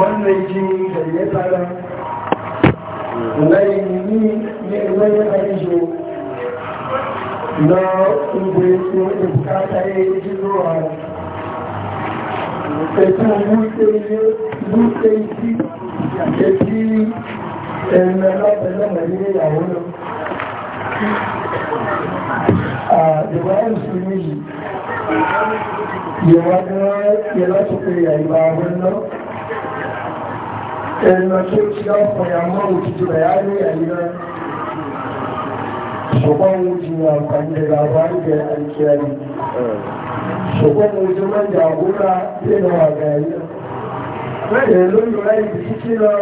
wannan jini da ya tsara laini ne wani aijo na ugbe tí ó ti bukata ya yi jiro a ẹ̀kọ́ búté isi ẹ̀kí ẹ̀mẹ̀ lábẹ̀lẹ́mẹ̀ ní ìyàwó náà àdìwáyé sí méjì yẹ láti pé àìbá àwọn náà ẹ̀nà tó ti ọ̀pọ̀ ìyàmọ́ òtútù rẹ̀ á ní àìyá ṣùgbọ́n ojú àǹfààní rẹ̀ àbáyé àìkíyàrí ṣùgbọ́n ojú mẹ́jọ àgbóra nínú àgbáyé rẹ̀ lóyún láì bí títí lọ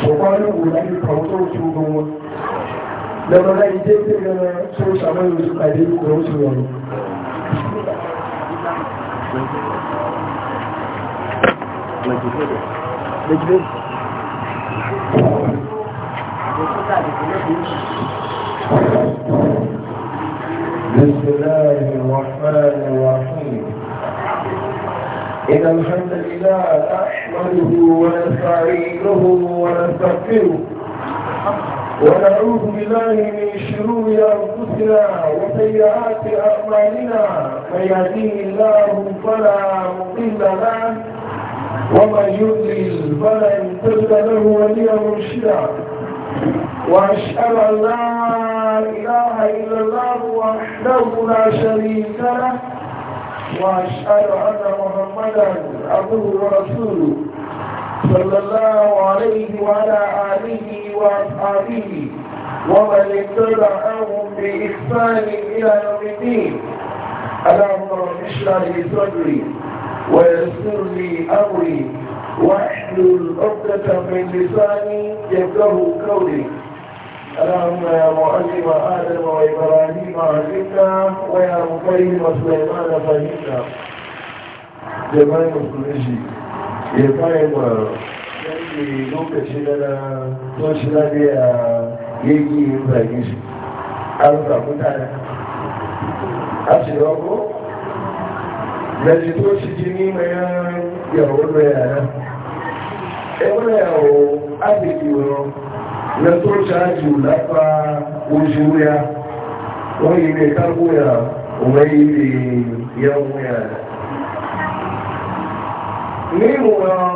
ṣùgbọ́n lóòwò láì kàn tó ti gbogbo wọn lọ́mọ láì dé pé tó ṣàmọ́ ìrọ̀sùn àdéhùn kan ó ti rọrùn بسم الله الرحمن الرحيم إن الحمد لله نحمده ونستعينه ونستغفره ونعوذ بالله من شرور أنفسنا وسيئات أعمالنا من يهديه الله فلا مضل له ومن يضلل فلن تجد له وليا مرشدا وأشهد أن لا إله إلا الله وحده لا شريك له وأشهد أن محمدا عبده ورسوله صلى الله عليه وعلى آله وأصحابه ومن اتبعهم بإحسان إلى يوم الدين اللهم رب اشرح لي صدري ويسر لي أمري واحلل عقدة من لساني يفقه قولي اللهم يا معلم آدم وإبراهيم علمنا ويا مكرم سليمان فهمنا jama'in musulunci ya fara ma yanzu lokaci na na toshi na da ya yake yin zage shi an samu tare a cewa ko na ji toshi jini mai yawon da yana ẹwọ́n ẹ̀wọ̀ agbègbè wọn na tó ṣáájú lápá oṣù ya wọ́n yìí lè kágbó ya òun yìí lè yẹ̀wó ya mímu wọn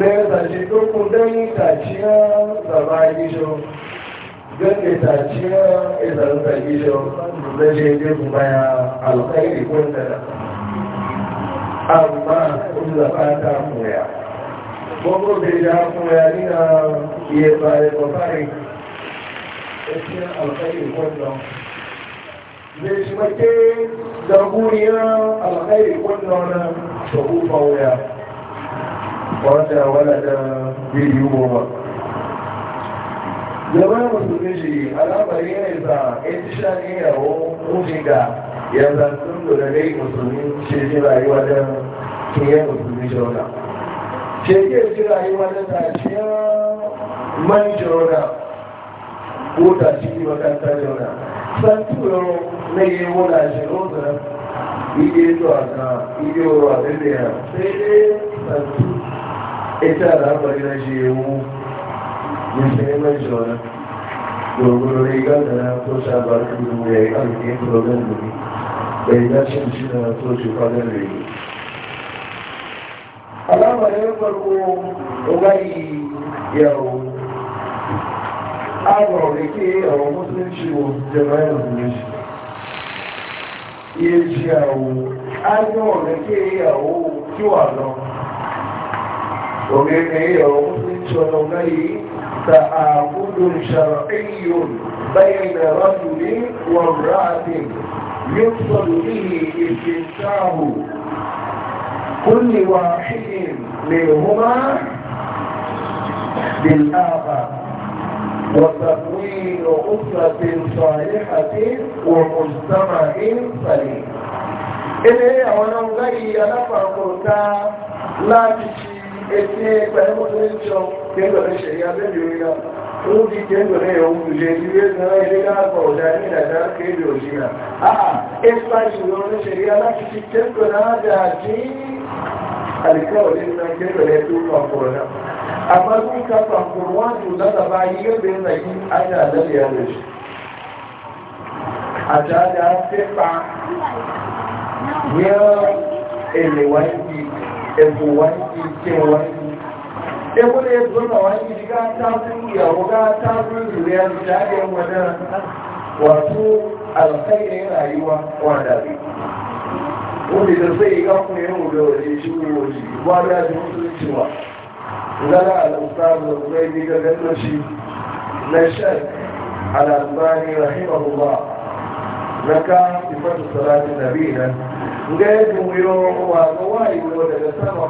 lẹ́ẹ̀dàjì tó kún dẹ́yìn tàjíyà zàbá ìjọ gẹ́gẹ́ tàjíyà ìzàlùkà ìjọ lẹ́jẹ́ ilé kùnbáyà alùkáìrì kúndẹ̀rẹ̀ àmà olùzàbá ta kùnrẹ̀ gbogbo bèèrè akùnrẹ̀ nínà iye bàrẹ̀ bọ̀bárì ẹ̀sìn alùkáìrì kúndẹ̀rẹ̀ zai shi mace alkhairi wata walada biyu goma zama musulmi shi alamari ne sa ƙarshen ne yawon kushi ga yanzu sun guda dai musulmi shi shi rayuwa don kiyan musulmi shauka shi ke shi rayuwa don tashiya man shauka ko tashi makanta shauka san turo na yi wula shi rosa ide zuwa ga ide wa sai dai san turo ita al'amari na shehu ya sai mai shonan dogon rigar da na so shabarci ya yi alkin domin dubi bai dashin shi da na so shi kwanar da yi al'amarin farko ugayi yau agbọ̀rọ̀ lè ké ọ̀rọ̀ mọ́sílẹ̀ṣì òjẹ̀rọ ẹ̀rọ̀mọ́sí iye ṣe àwọ̀ agbọ̀rọ̀ lè ké àwọ̀ tí wà lọ ومن يومي تعاقد شرعي بين رجل وامرأة يقصد به استمتاع كل واحد منهما بالآخر وتكوين أسرة صالحة ومجتمع سليم. هي ولو غير لفظك لا تشيء ete kwenye mwisho tendo la sheria ndio ina Udi tendo leo mjeliwe na ile kwa udani na dake ndio jina. Ah, espacio ndio sheria na kitendo na dadi alikuwa ni tendo letu kwa kona. Amma kuka kwa Qur'an da da bayi ga na yi aya da ya ne. Ajaja sepa. Ya elewai ẹ̀bùn wá ní ìjẹ́ wá ní ẹgbẹ́ lè gbọ́nà wá ní ìdíká tábùrù ìyàwó ká tábùrù ìrẹ́ àjẹ́ wọn náà wà tó alkhairi rayuwa wanda bi wanda da zai ga kuma yin da waje shi waje ba da ji musulunci ba zara al'ustar da kuma yi ga gannashi na shan al'albani rahimahullah na ka ifatu salatin nabi nan gaibu yowa ga wayewa daga sama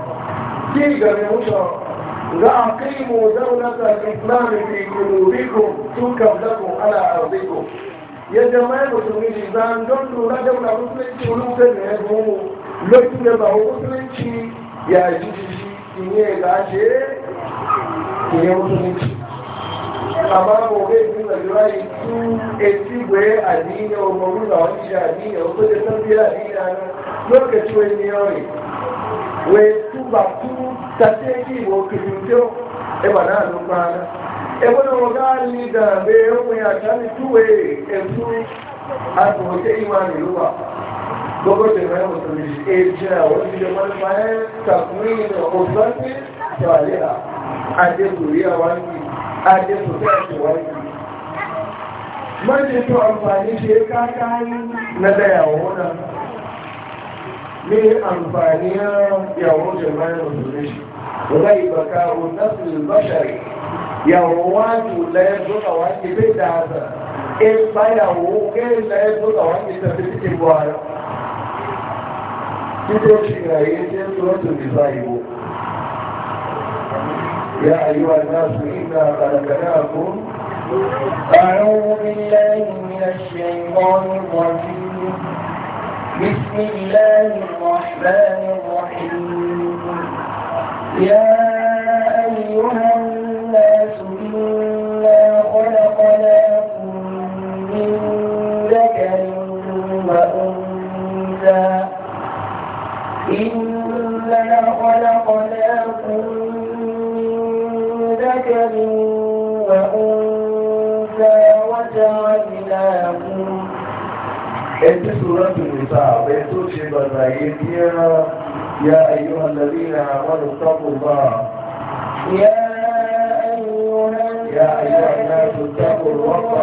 ci gaba wuta za a kai mu zaunata islamin fi kulubikun tukan lakun ala arzikun yadda mai musulmi ne zan don lura da wani musulunci lokacin da ya gomo lokacin da ba musulunci ya ji shi inye gashe inye musulunci amma gobe yi da jirai su eti gwe adini wa gwamnati da wani shi adini wa kudin tafiya adini na lokaci wani yawai wai tuba tu ta ce yi wa kujintiyo e ba na lukwana e wani wagali da bai yawon ya tani tuwe yanzu e a tsohoke imani ruwa gwagwata mai musulmi shi e jira wani da wani bayan e takwini da ofanni tariha a je zuriya wani a je sosai wani Mai to amfani shi ya e kaka na da ní àǹfààní yàwó jẹ̀máyà òṣèré wọ́n ìbàkà òǹdásílì lọ́ṣẹ̀rì yàwó wá jù lẹ́ẹ̀dọ́ àwọn ìgbé dáadáa ipa yàwó ké lẹ́ẹ̀dọ́ àwọn ìgbé tẹ̀sí bọ́ ara títí ó ṣìgbà yìí tí ó tó tó من الشيطان بسم الله الرحمن الرحيم يا أيها الناس إنا خلقناكم من ذكر وأنثى إنا خلقناكم من ذكر وأنثى وجعلناكم ẹni sùúrọ̀tù nìta àbẹ́ tó ṣe bàtàyé tí ẹ rán ya ayé ọ̀lẹ́bí na àwọn ìtọ́kù bá ya ayé ọ̀lẹ́bí ìtọ́kù rọ́pàá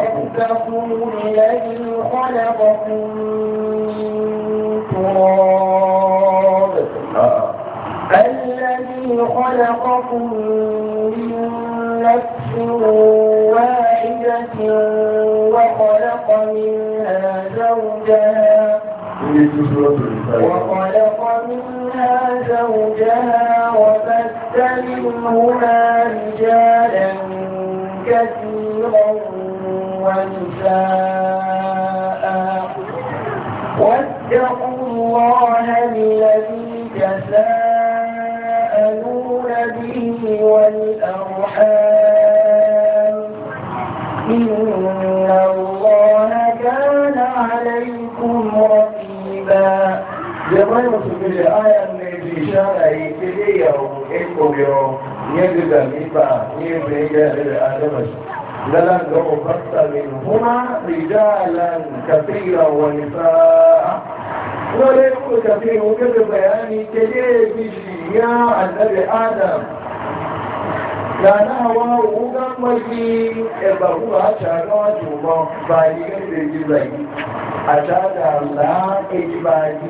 الذي خلقكم من نفس واحدة زوجها وخلق منها زوجها وبث منهما رجالا كثيرا ونساء واتقوا الله الذي تساءلون به والأرحام jama'i musulmi da ayan ne ji shara'i ile yau eko biyo yadda da nifa ne bai gare da adamashi lalan ga ofasta min huma rijalan kafira wa nisa'a wale kuma kafin wuka bayani ke ne bishi ya annabi adam da na hawa wuka mafi ebabu a shagawa tuba ba yi gani da ji zai a shaga la eji ba ji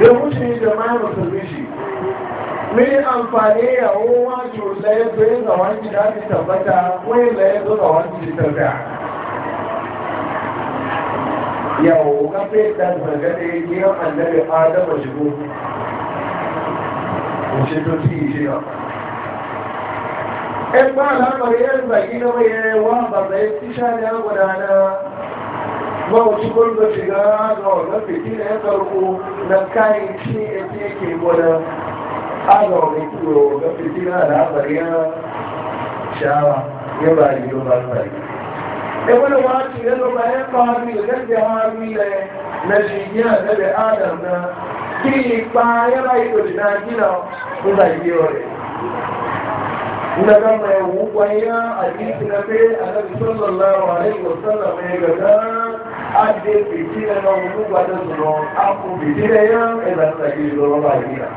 da mushi jama'ar musulmi shi mai amfani ya ruwa cuta ya zo ga wani da ta tabbata wani da ya zo ga wani da tabbata yau ka fi da zargade giyan annabi adama shigo mushe to ci shi na ɗan ba al'amari yan zagi na mai yawa ba zai fi sha ne a gudana bawa ci gwamna shiga ga wannan fiti da ya farko na kayan ci ya ce ke gwada aga wani kuro ga fiti na da afari ya shawa ya ba yi yau ba fari ya wani ba ci ya zo bayan faru da gaske haru ne na shigiya na da adam na kiri adé pèsè ẹnà ọmọdé gbàdọ̀ sọ̀rọ̀ akọ pèsè ẹyà ẹ̀dà tàbí lọ́wọ́ báyìí rà.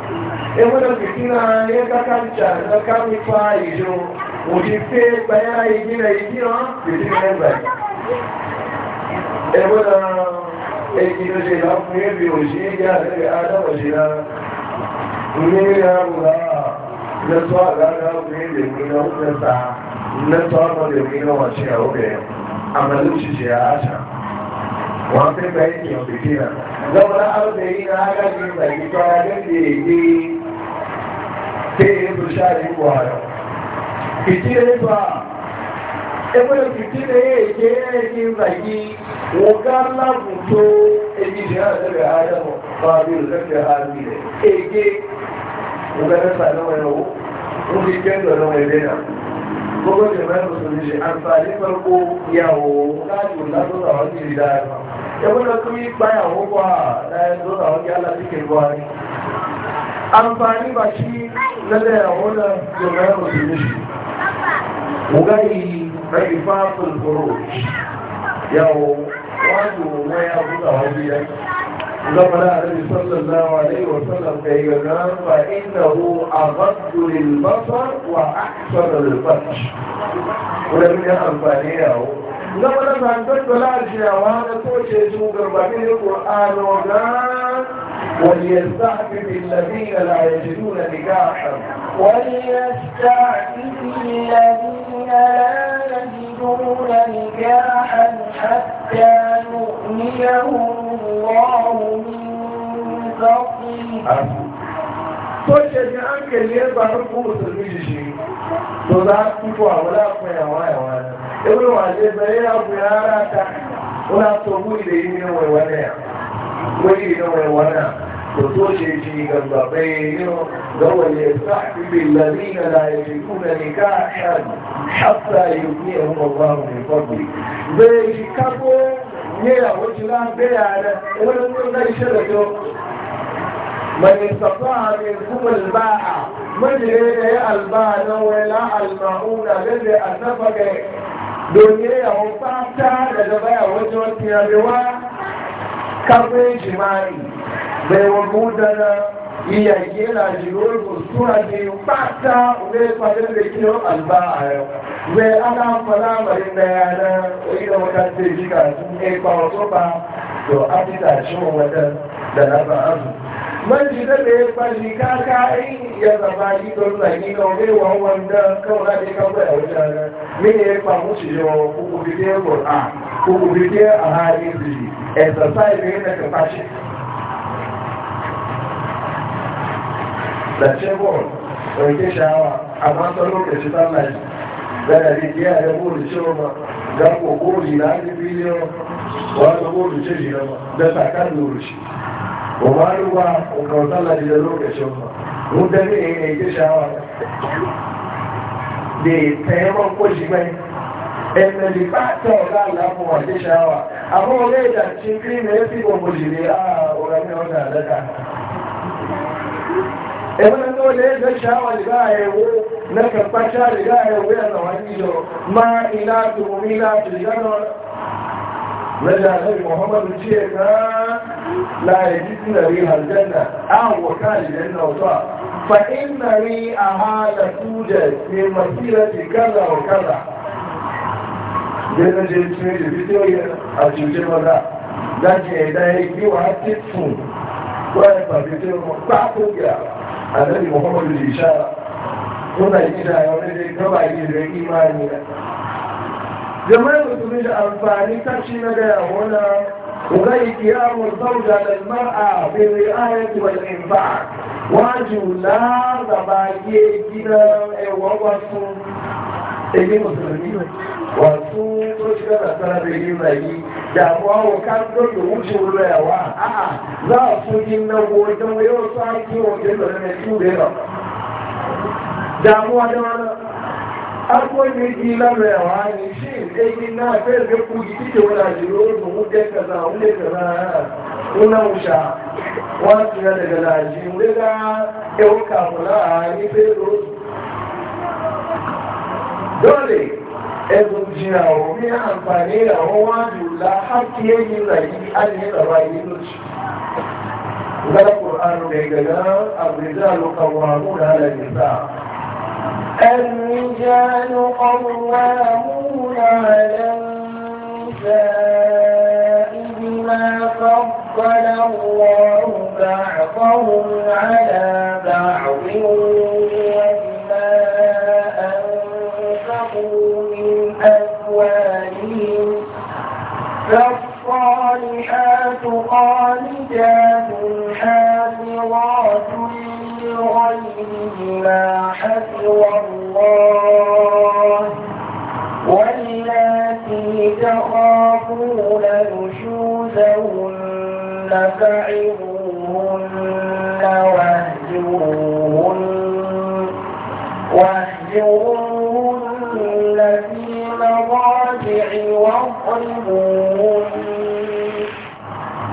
ewúrẹ́ pèsè náà yẹ káká ń tà káká ń fa ìjọ òdì pé gbàyà ìdí rẹ̀ ìdí hàn pèsè ẹyà gbà. ewúrẹ́ èyí ló ṣe náà fún ebi òṣì ìdí àtẹ̀lẹ̀ adáwọ̀ ṣe náà. ní àwùrá lẹ́tọ́ àgbàdo ọkùnrin lè mú náà ó fẹ́ ta lẹ́tọ́ àmọ́ lè mú náà wọ́n ṣe àwọn obìnrin àmọ́ ló ṣiṣẹ́ àṣà. وانتبه يوم كثيرا لولا أرضين على جنبك كانت يدي تيب شارك وارا كثير با ẹgbẹ́ ìpìtìlẹ̀ èdè ẹgbẹ́ ìgbàgbé wọ́n ká láàbù tó èdè ìṣẹ́ àtẹ́rẹ̀ àádọ́mọ̀ bá bí olùfẹ́fẹ́ àárín rẹ̀ èdè ìgbẹ́fẹ́fà lọ́wọ́ ẹ̀wọ́ ó fi kẹ́ndọ̀ lọ́wọ́ ẹ̀dẹ́ náà gbogbo ìgbẹ́fẹ́ mùsùlùmí ṣe àǹfààní pẹ̀lú yàwó láàbù látọ́ta wọn ti rí dáadáa ẹgbẹ́lọ tó yí páyàwó wà láìsọ́ àwọn yálà sí kẹwàá rí àǹfààní bá sí lẹ́lẹ́ àwọn yọ̀rọ̀ ẹ̀rọ sí méjì wùgá yìí rẹ̀ ìfá fòlùfòrò yàwó wọ́n jù wọ́n yà fún àwọn bí yẹn زمن النبي صلى الله عليه وسلم كيغان فإنه أغض للبصر وأحسن للفتش ولم يأم فانيه na wani zangon da lajiyawa na toce su garbaɗe da ƙor'ano na وليستعفف الذين لا يجدون نكاحا وليستعفف الذين لا يجدون نكاحا حتى يغنيهم الله من فضله Sọ́ṣẹ́ ni a ń kèrè ẹgbàrún fún òṣèlú ìṣẹ́ tó dá púpọ̀ àwọn láàpẹ́ àwọn ẹ̀wọ̀n ẹ̀wọ̀n. ewé wà ṣe bẹ̀rẹ̀ ọ̀gbìn ara ta ó náà tó mú ilé yìí nínú ẹ̀wọ̀n náà wọ́n yìí nínú ẹ̀wọ̀n náà kò tó ṣe ṣe ìgbàgbà bẹ́ẹ̀ nínú lọ́wọ́ ilé ẹ̀fà ìgbè ìlànà ìlànà ìṣèkú nàní káàkiri ṣàtà ìròyìn ẹ̀wọ̀n ọ̀gbà ọ̀rùn ìfọ̀gbì bẹ́ẹ̀ ìṣìkágbó ní àwọn ojú láńgbé ààrẹ owó ló ń gbé iṣẹ́ rẹ̀ tó من استطاع منكم الباعة من غير الباعة ولا المعونة للي أنفق domin yawon fata daga baya wajen tiyarewa kafin jima'i da yawon mudana iyayye na jiro suna biyu fata zai faɗin da kilo alba'ayau zai ana fara marin da yana oyi da wata ce jika sun ɗaya kwaso ba to an ta shi wata da na ba'azu man ji da ka ya zama shi don zagi na wani wawan da kawai da kan bai a wajen mini ya fa musu yi wa kukubike ƙura kukubike a halin jiri exercise ne na kafashi da ce bon ɗauke shawa a masu lokaci tsallashi da da rikiya ya buri cewa ga kokori na ji biliyon wani rubuce shi gama da sakar nuru shi wani ruwa ƙautar da lokacin ba mutane ya yi shawara da taimakon ko shi mai ẹ̀mẹ̀ lè bá tẹ̀ ọ̀gá àlàfò wà ní ṣàwà àwọn olè ìjà tí kí ní ẹ́ sí gbogbo jìlẹ̀ ààrùn ọ̀rẹ́ ọ̀dà àlẹ́ta ẹ̀mẹ̀ tó lè ẹ̀jẹ̀ ṣàwà lè bá ẹ̀wọ́ lẹ́kẹ̀ẹ́ pàṣà lè bá ẹ̀nà wà nílò máa ìlà àtùmí láti ìjọ́nà lọ́jà lẹ́yìn Muhammadu tí ẹ̀ náà láàyè títí lẹ́rí àjẹ́nà àwọn káàlẹ̀ náà tọ́ فإن ريئها لتوجد من مسيرة كذا وكذا jẹ́nà jẹ́ tí ó jẹ́ bí tí ó yẹ àjòjẹ́ ọ̀dá láti ẹ̀dá ẹgbẹ́ wà á ti fún wọ́n ẹ̀ pàdé tí ó mọ̀ pápó gẹ̀ àlẹ́bí mọ̀kànlélẹ́ṣára tó náà ìjìdá ọ̀rẹ́dẹ́ gọ́bà ìrẹ́ ìmáà nìyà jama'in musulmi da amfani kan shi na gaya wani وغير قيام الزوجة للمرأة بالرعاية والإنفاق واجب لا تباكي كده ووصو èyí mùsùlùmí wọ́n tún tó ṣe lọ́nà sára bèèrè ìrìnà yìí dàmú àwọn káńtó lòun ṣe ń lọ ẹ̀wà àà láà fún yí náwó ìdánwò yóò sọ àìsí òun jẹ́ lọ́nà ẹ̀kú rẹ̀ lọ. dàmú adéwọ́n akpọ méjì lábẹ́ àwọn àyíṣí èyí náà fẹ́ẹ̀fẹ́ kú yìí tí wọ́n láti lóòrùn mú kẹ́kẹ̀ẹ́ta òun lè kẹ̀ẹ́ta ó náà ń ṣà wọ́n ti rẹ̀ lẹ̀gẹ̀ láàájí wọ́n lè dá ẹwọ́ kààmù láàárín pé lóòrùn dọ́lẹ̀ ẹ̀bùn jìnà òun ní àǹfààní àwọn wá jùlá hákí èyí làyí ánìyànlọ́wà yìí lóṣù Ìgbàlá Kùránù rẹ̀ gẹ̀gẹ́ àbùrẹ́dá ló kàwọn nìta. الرجال قوامون على النساء بما فضل الله بعضهم على بعض وبما أنفقوا من أموالهم فالصالحات قانتات حافظات غير ما حسب الله واللاتي تخافون نشوزهن فعظوهن واهجروهن واهجروهن في مضاجع واضربوهن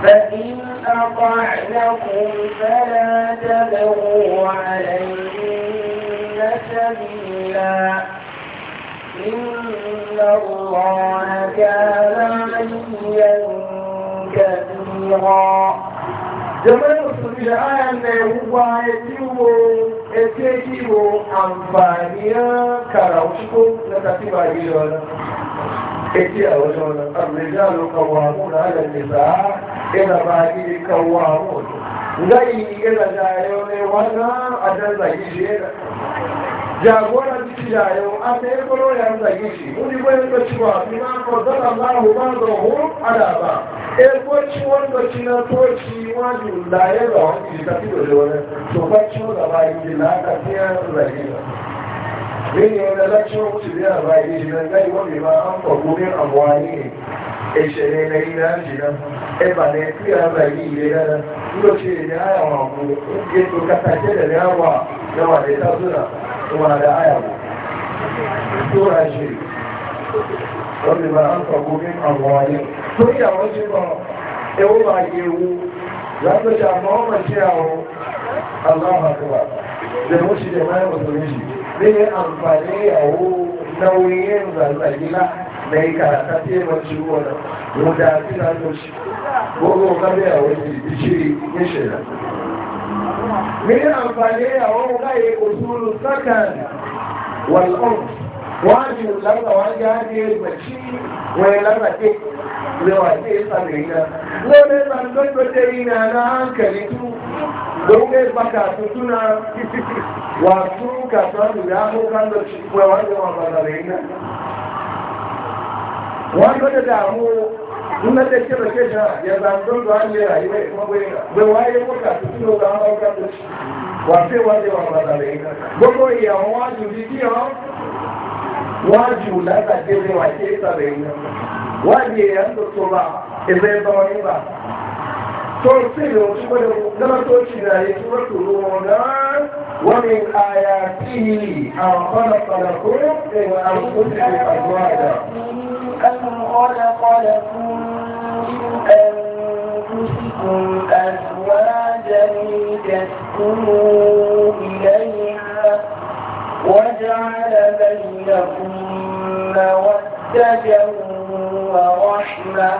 فإن أطعنكم فلا تبغوا عليهن سبيلا إن الله كان عليا كثيرا jẹ́mọ́lẹ́ òṣèlú ilẹ̀ ààrẹ ìwúwa ẹtíwò ẹtíwò àǹfààní kàrà òṣìkò lẹ́tàtí bàbí lọ́la اتيا وجونا الرجال قوامون على النساء إلى بعدي قوامون زي إلى جايوني وانا أجل زي jagoran ciya yau a ta yi kwaro ya zage shi wani bayan da cewa bima kwazan allahu ba da hukun adaba e kwaci wanda ci na toci wani laye da wani ta fi da wani to kwaci wanda ba yi da na ka fiye zage Many of the lecture to be done by this event, they will be bound for moving and whining. Ìṣẹ̀lẹ̀ ilẹ̀ ilẹ̀ àjìnà, ẹbàlẹ̀ tí a bá yí ilẹ̀ dára, ló ṣe ilẹ̀ àwọn ọ̀pọ̀ ètò kàtàkẹ́lẹ̀ ní àwà lọ́wà lè tásùnà tó máa dá àyàwó. Tó rà ṣe, ó lè máa ń sọ gómìn àwọn ayé. Torí àwọn ṣe mọ̀, ẹwọ́ máa yẹ ewu, látọ́jà mọ́ ọmọ sí àwọn aláhàkùnwà, lẹ́wọ́ sí lè máa ń zai amfani a nauyin zanzagila da yi karata ce mace wani wanda su na toshi gogo kame a wani bishiri ya shida mai amfani a wani kai usulu sakan wal'on wani lamba wani hajiyar mace wani lamba ke lewa ke tsanina lone tsanin da na hankali tu don mai baka tutuna wasu kasuwanci ya abokan da shi kuwa wanda wanda da rai nan wanda da damu nuna da ke da kesha ya zangon da e wanda ya rayu mai kuma bai bai waye muka su tuno da abokan da shi wasu wanda wanda da rai nan gbogbo iyawan waju bidiyo waju lásàkéde wà kéta rai nan توصيل لما توصيل ومن آياته أن خلق لكم من أنفسكم أزواجا أن خلق لكم أنفسكم أزواجا لتسكنوا إليها وجعل بينكم مودة ورحمة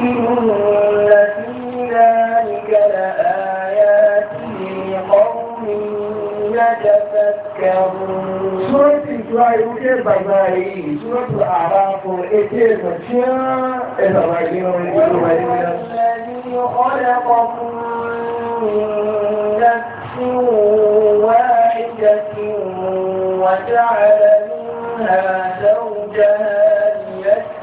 إن في ذلك لآيات لقوم يتفكرون سورة الإسراء وكيف بغايه سورة الأعراف وكيف شاء الرجيم الذي خلقكم من نفس واحدة وجعل منها زوجها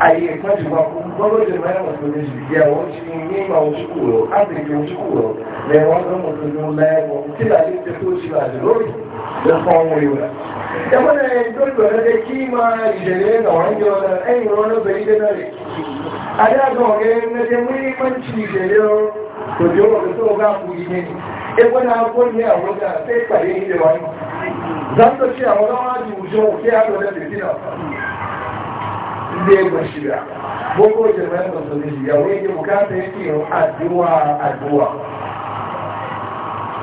Aí, quando quando ele vai na maçã de dia, onde ninguém vai onde curou, abre que onde curou. Levanta a maçã de um lego, tira ali, depois tira de dois, transforma um euro. Eu falei, então, eu falei, que mais, gerei, não, ainda, ainda, não, bem, de nada. Aliás, alguém, mas é muito antigo, gerei, porque eu estou lugar com ninguém. Eu vou dar uma boa minha roupa, até parei, eu acho. Zanto, tinha, eu eu vou, o João, que é a dona de Pina. zai ma shirya boko jama'in musulmi shirya wani ke bukata yake yin addu'a addu'a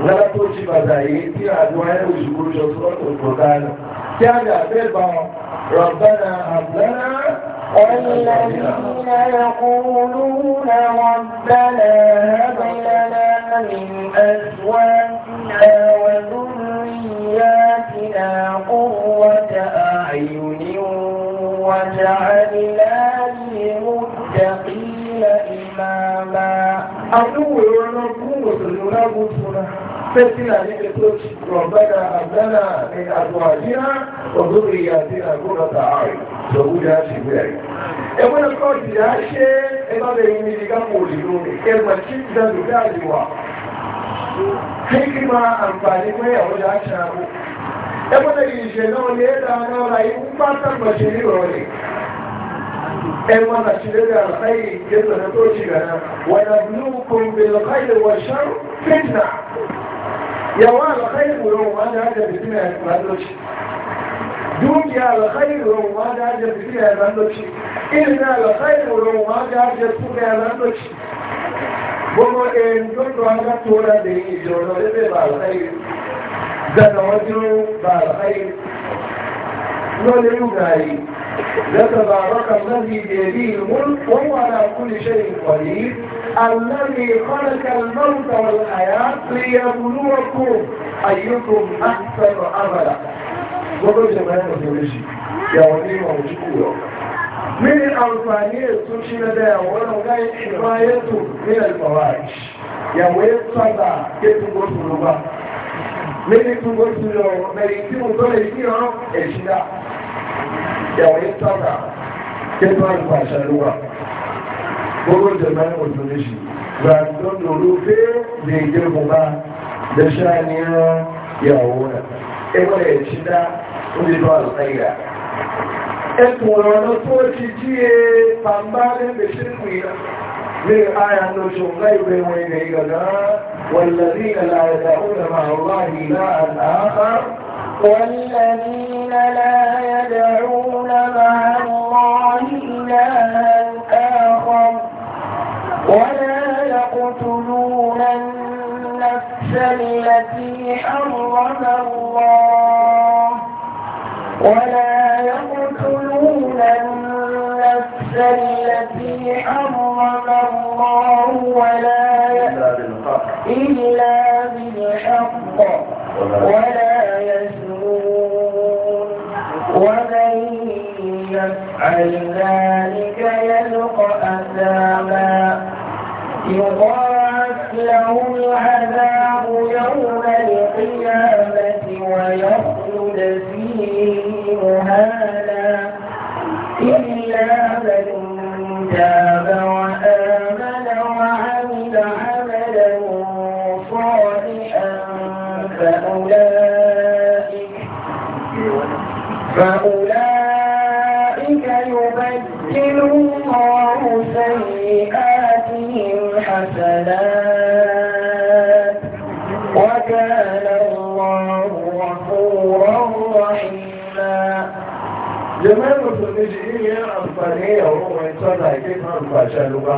lọ́tọ́jì bàtà yìí tí àdúrà ẹ̀rù ìṣòro jọ sọ́tọ̀ ìpòdánù tí a dà bẹ́ẹ̀ bá rọ̀bánà àbúrà الذين يقولون ربنا هب لنا من أزواجنا وذرياتنا قرة أعين وجعلنا للمتقين إماما أدوه ونقوم ونقوم فتنا لكتوش ربنا أبنا من أزواجنا وذرياتنا قرة أعين سبوجة شبيعي ẹgbẹ́ ọkọ̀ ìyá ṣe ẹgbẹ́ ìrìn ìdíkà mọ̀ òṣèlú ẹgbẹ́ tí ìdájú bí àdíwà kí kí máa àǹfààní pé àwọn ìyá ṣe àgbò ẹgbọ́n lè ṣe náà lè dáadáa ọ̀la ikú bá tàbàṣe ní ìrọ̀lẹ̀ ẹwọ́n àṣìlẹ́lẹ̀ àṣáyé ìgbésọ̀nà tó ṣe gànà wọ̀nà blú kòmbèlò káyẹ̀ wọ̀ ṣáró fẹ́tìnà yàwó àlọ́káyé ìrọ̀rùn wọn ni àjẹ́ bìtì ní àìsàn lọ́sí dúkìá àlọ́káyé ìrọ̀rùn wọn ni àjẹ́ bìtì ẹ̀yìn كان رجل بعد خير ولم يدعي لتبارك الذي بيده الملك وهو على كل شيء قدير الذي خلق الموت والحياة ليبلوكم أيكم أحسن عملا gbogbo jẹmọ́rẹ́ ọ̀dọ́lẹ́sì yàwó ní ìwọ̀n òjúkúrọ̀ mini amfani ètò ṣílẹ̀dẹ̀ àwọn ọ̀gá ìṣẹ̀mọ́ ayẹ́tò ní ẹ̀lùmọ̀wàá yàwó ètò àgbà ètò gbogbo medicinal kilo medicinal kilo e shida ya wani tsaka ke ba ni kwashe ruwa gbogbo jama'a wato da shi ba don doro fe da ya girma ba da sha ni ya wura e wani ya shida wani ba al'aira e tuwara wani tsoci jiye pambalin da shirku ya ne aya no shogai bai wani ga yi gaga والذين لا يدعون مع الله إلها آخر والذين لا يدعون مع الله إلها آخر ولا يقتلون النفس التي حرم الله ولا يقتلون النفس التي حرم الله ولا يقتلون إلا بالحق ولا يسرون ومن يفعل ذلك يلقى أثاما يضاعف له العذاب يوم القيامة ويخلد فيه مهانا إلا من تاب فأولئك يبدل الله سيئاتهم حسنات وكان الله غفورا رحيما jama'a musulmi shi yin amfani a wurin tsada ke kan fashe luba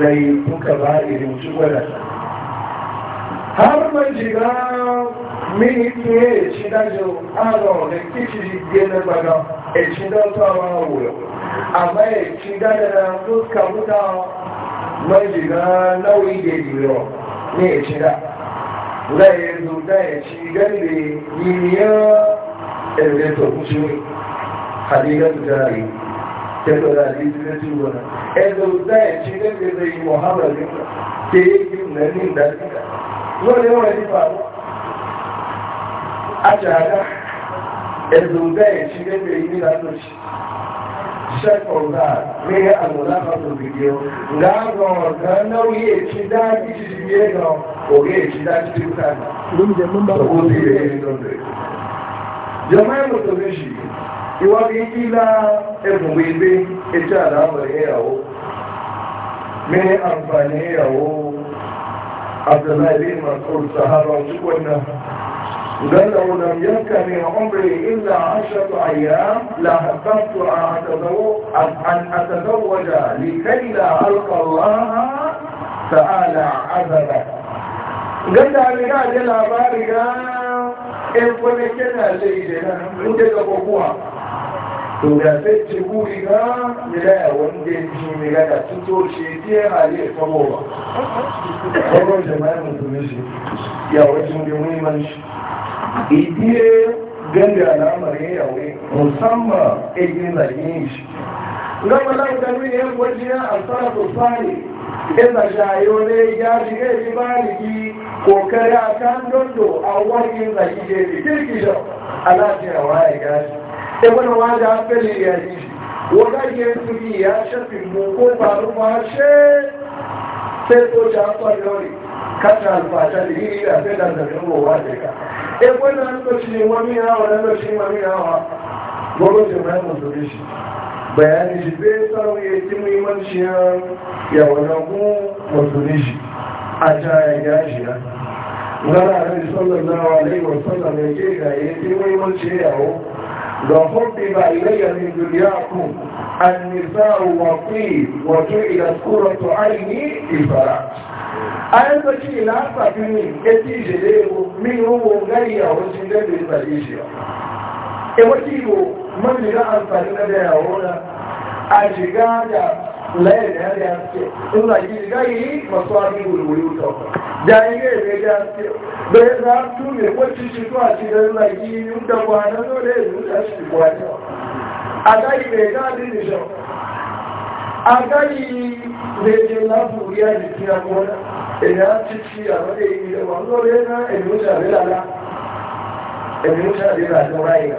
na yi duka ba irin shi gwada har mai shiga mílíkìrì ìṣídájọ́ àrọ̀ rẹ̀ kíkìrì gbẹ́nà gbàgbà ìṣídájọ́ àwọn àwòrán àmá ìṣídájọ́ tó kàmúta mẹ́jìlá náwó ìdè ìrọ̀ ní ìṣídá lẹ́yìn lòdá ìṣígẹ́lẹ̀ yìnyán ẹ̀rẹ́ tó kú sí kẹtọ́lá ní ilé tí wọ́n ẹ̀lọ́ dáẹ̀ tí lẹ́gbẹ̀ẹ́ yìí mohamed ní kéré yìí nà ní ìdájíkà lọ́lẹ́wọ̀n ẹni pàdé ajaga ẹ̀dùn bẹ́ẹ̀ ṣe gẹ́gẹ́ ilé látọ́ṣì ṣẹ́kọ̀ọ́gbà ní àmúlápàtò fìdíò láàrùn ọ̀gán náà yíè ṣe dájú ṣe yé lọ òye ṣe dájú tí ó kàná lóúnjẹ ló ń bá owó sí ilé lọ́dọ̀ jọmọ́ ẹ̀mọ́ tó fi ولو لم يكن من عمري إلا عشرة أيام لهبطت أن أتزوج لكي لا ألقى الله تعالى عذبه قلت لي قال يا لاباري إن كنت كنا ليلة إن كنت to da sai ce buri na milaya wanda ya ji milaya da tuto ce biya hali ya kamo ba kwallon jama'a mutum shi ya wajen da mun muhimmanci idiye ganda al'amarin yawai musamman egin zargin shi Na gama na gami ne wajen asara Sani, ina shayo ne ya shiga yi baliki kokari a kan dondo a wani zargi da kirki da alaƙiyar waye gashi ibn wanda fele ya yi wanda ya turi ya shafi ko faru ba she sai to ja kwallori kata alfata da yi ya fi da zarin rowa da ka ibn nan to shi wani ya wa nan shi wani ya wa gogo je mai mu zuri shi bayani shi bai tsaro ya ki muhimmanci ya wannan ku mu zuri shi a ja ya shi ya gara da sallallahu alaihi wasallam ya ke ga ya ki muhimmanci ya wa وحبب إلي من دنياكم النساء والطيب وجعلت قرة عيني في الفرج أنا لا تفهمين كتيجة ليه من هو غير وسيلة بالماليشيا إيه وكيلو من لا أنفعني لديها هنا a da layar da yar yaske in za ki shiga yi masu abin gulguli wuta da yi ga yabe da yaske da ya za tu ne wacce shi kuwa shi da za ki yi da kwana dole ya zuta shi kuwa ta a gari mai gadi da shan a gari mai je na furiya da kira gona ina cici a wadda yi da wani dole na ilimin shahararra ilimin shahararra ta rayuwa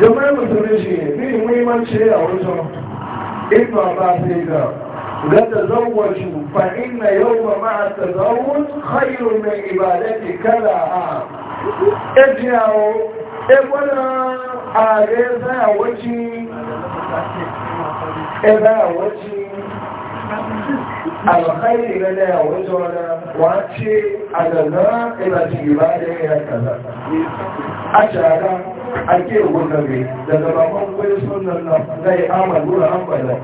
jamhuriyar musulunci ne muhimmanci a wajen ibn abbas ne da la tazawwaju fa inna yawma ma'a tazawwuj khayrun min ibadati kala'a ejiyawo egbona ààrẹ zayawoci ẹzayawoci alkhairi na daya wajen wani wace a zanzara ina ciki ba da ya kaza a shara a ke gudabe daga bakon kwai sunan nan zai amal wura an bada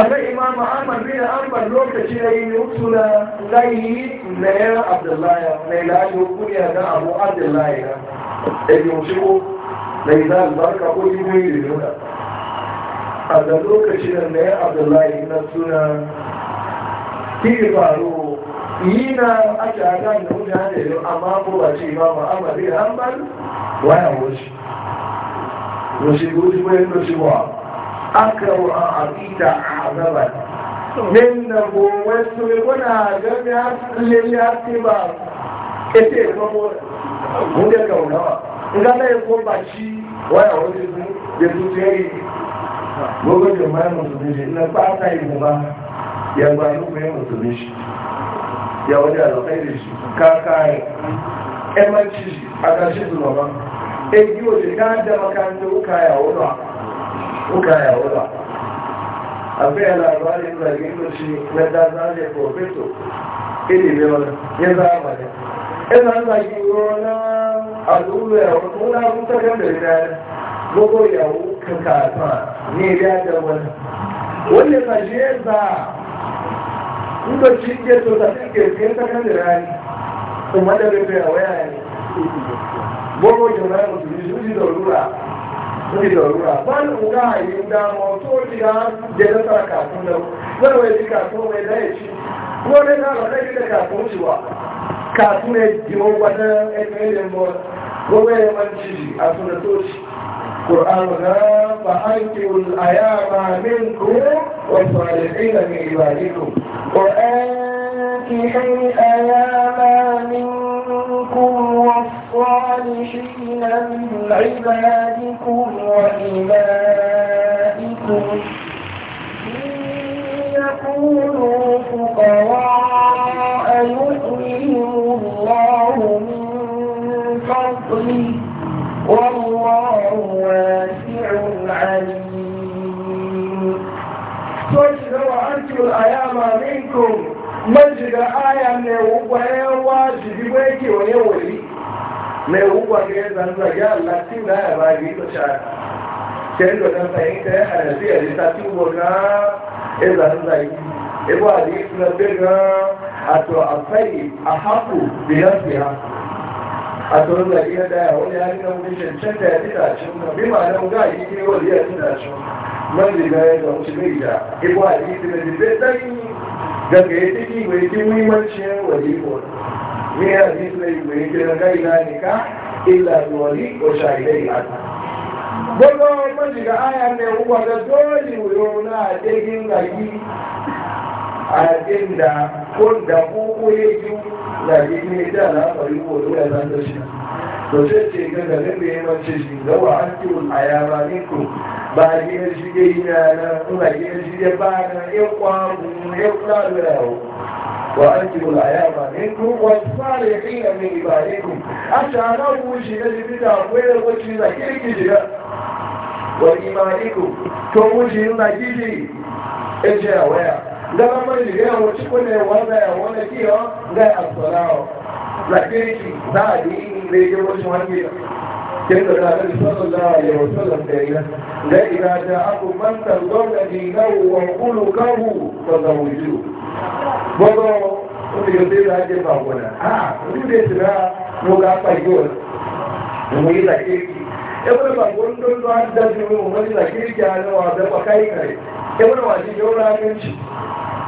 a ga imama amal bin ambar lokaci da yi mutuna zai na yara abdullahi mai lafi kuriya na abu abdullahi na da yi mutu da yi za a barka ko yi mai da a da lokacin da ya abdullahi na suna kiri faru yi na ake haka da mutane da yau amma ko ba ce ba ma amma zai hanbar waya wuce wuce wuce wuce wuce wa aka wa a aƙida a azaba min na gowar wasu ne kuna gami hasilin ya ce ba ete ba mu da kaunawa in gana ya ko ba ci waya wuce da zuciyar lokacin bayan musulmi shi ina ba ta yi kuma ya bayan bayan musulmi shi ya wajen alaƙai da shi kakaye emanci shi a ƙarshen su ba e yiwu shi ka da makaranta uka ya wura uka ya wura a fiye labarin zargin shi na da zaje profeso ilimin ya zama ne ẹ̀nà ń gbàyí tó ní ilé àjọwọ́ wọ́n lórí ìdọ̀rúra báyìí ń ká àyè ń dá wọn tó ti ra jẹ lọ́tà kàtún lọ lọ́wọ́ ẹbí kàtún wọn ẹ̀dá ẹ̀ṣí wọ́n lé náà lọ́dẹ́ ìdílé kàtún ti wà kàtún ẹ̀ di wọn wájá ẹni ẹ̀rẹ̀ mọ́ lọ́wọ́ الصالحين من عبادكم وإمائكم إن يكونوا فقراء يؤمنوا الله من فضله والله واسع عليم فاجعلوا أنتم الأيام منكم من آية من وقوة واجب ويكي ونيولي mai abubuwa ga yin zanuwa ya Allah tin e e da ya bari to sha ken do dan sai ta ala zai ali ta tin go na e zanuwa yi e ba ali na bega ato afai ahaku bi nafsiha ato da iya da ya wani hali na mutum cancanta ya tita shi bi ma na ga yi ne wani ya tita shi man da ga ya ga mutum bai da Ibu a ali da da dai daga yake ki bai ki muhimmancin wajibi من حديث لإبنه كنا غير ذلك إلا الولي وشاهدي عنه gbogbo ọmọ jìgá ayà ní ọgbọ̀dọ̀ tó yìí òun náà dé gíngbà yìí àdéǹdà ko dàkú kó yé jù da gini da na fari kodo ya zan da shi to sai ce ga da ne bai mace shi ga wa an ki wun ayaba ne ko ba gina shi ga yi na na ba gina shi ga ba na ya kwamu ya kula da yawo wa an ki wun ayaba ne ko wa fara zama mai riga wacce kuna wanda ya wanda ke yawa ga asalawa lakini za a yi ne ya wacce wani كيف النبي صلى الله عليه وسلم قال لا إذا جاءكم من ترضون دينه وخلقه فزوجوه برضه قلت يصير هذه الفاقونة ها قلت ليس لا نقع طيور نقول لك ebole ba gondon do an da ji mu wani la kirki a wa da ba kai kare ebole wa ji yora kanci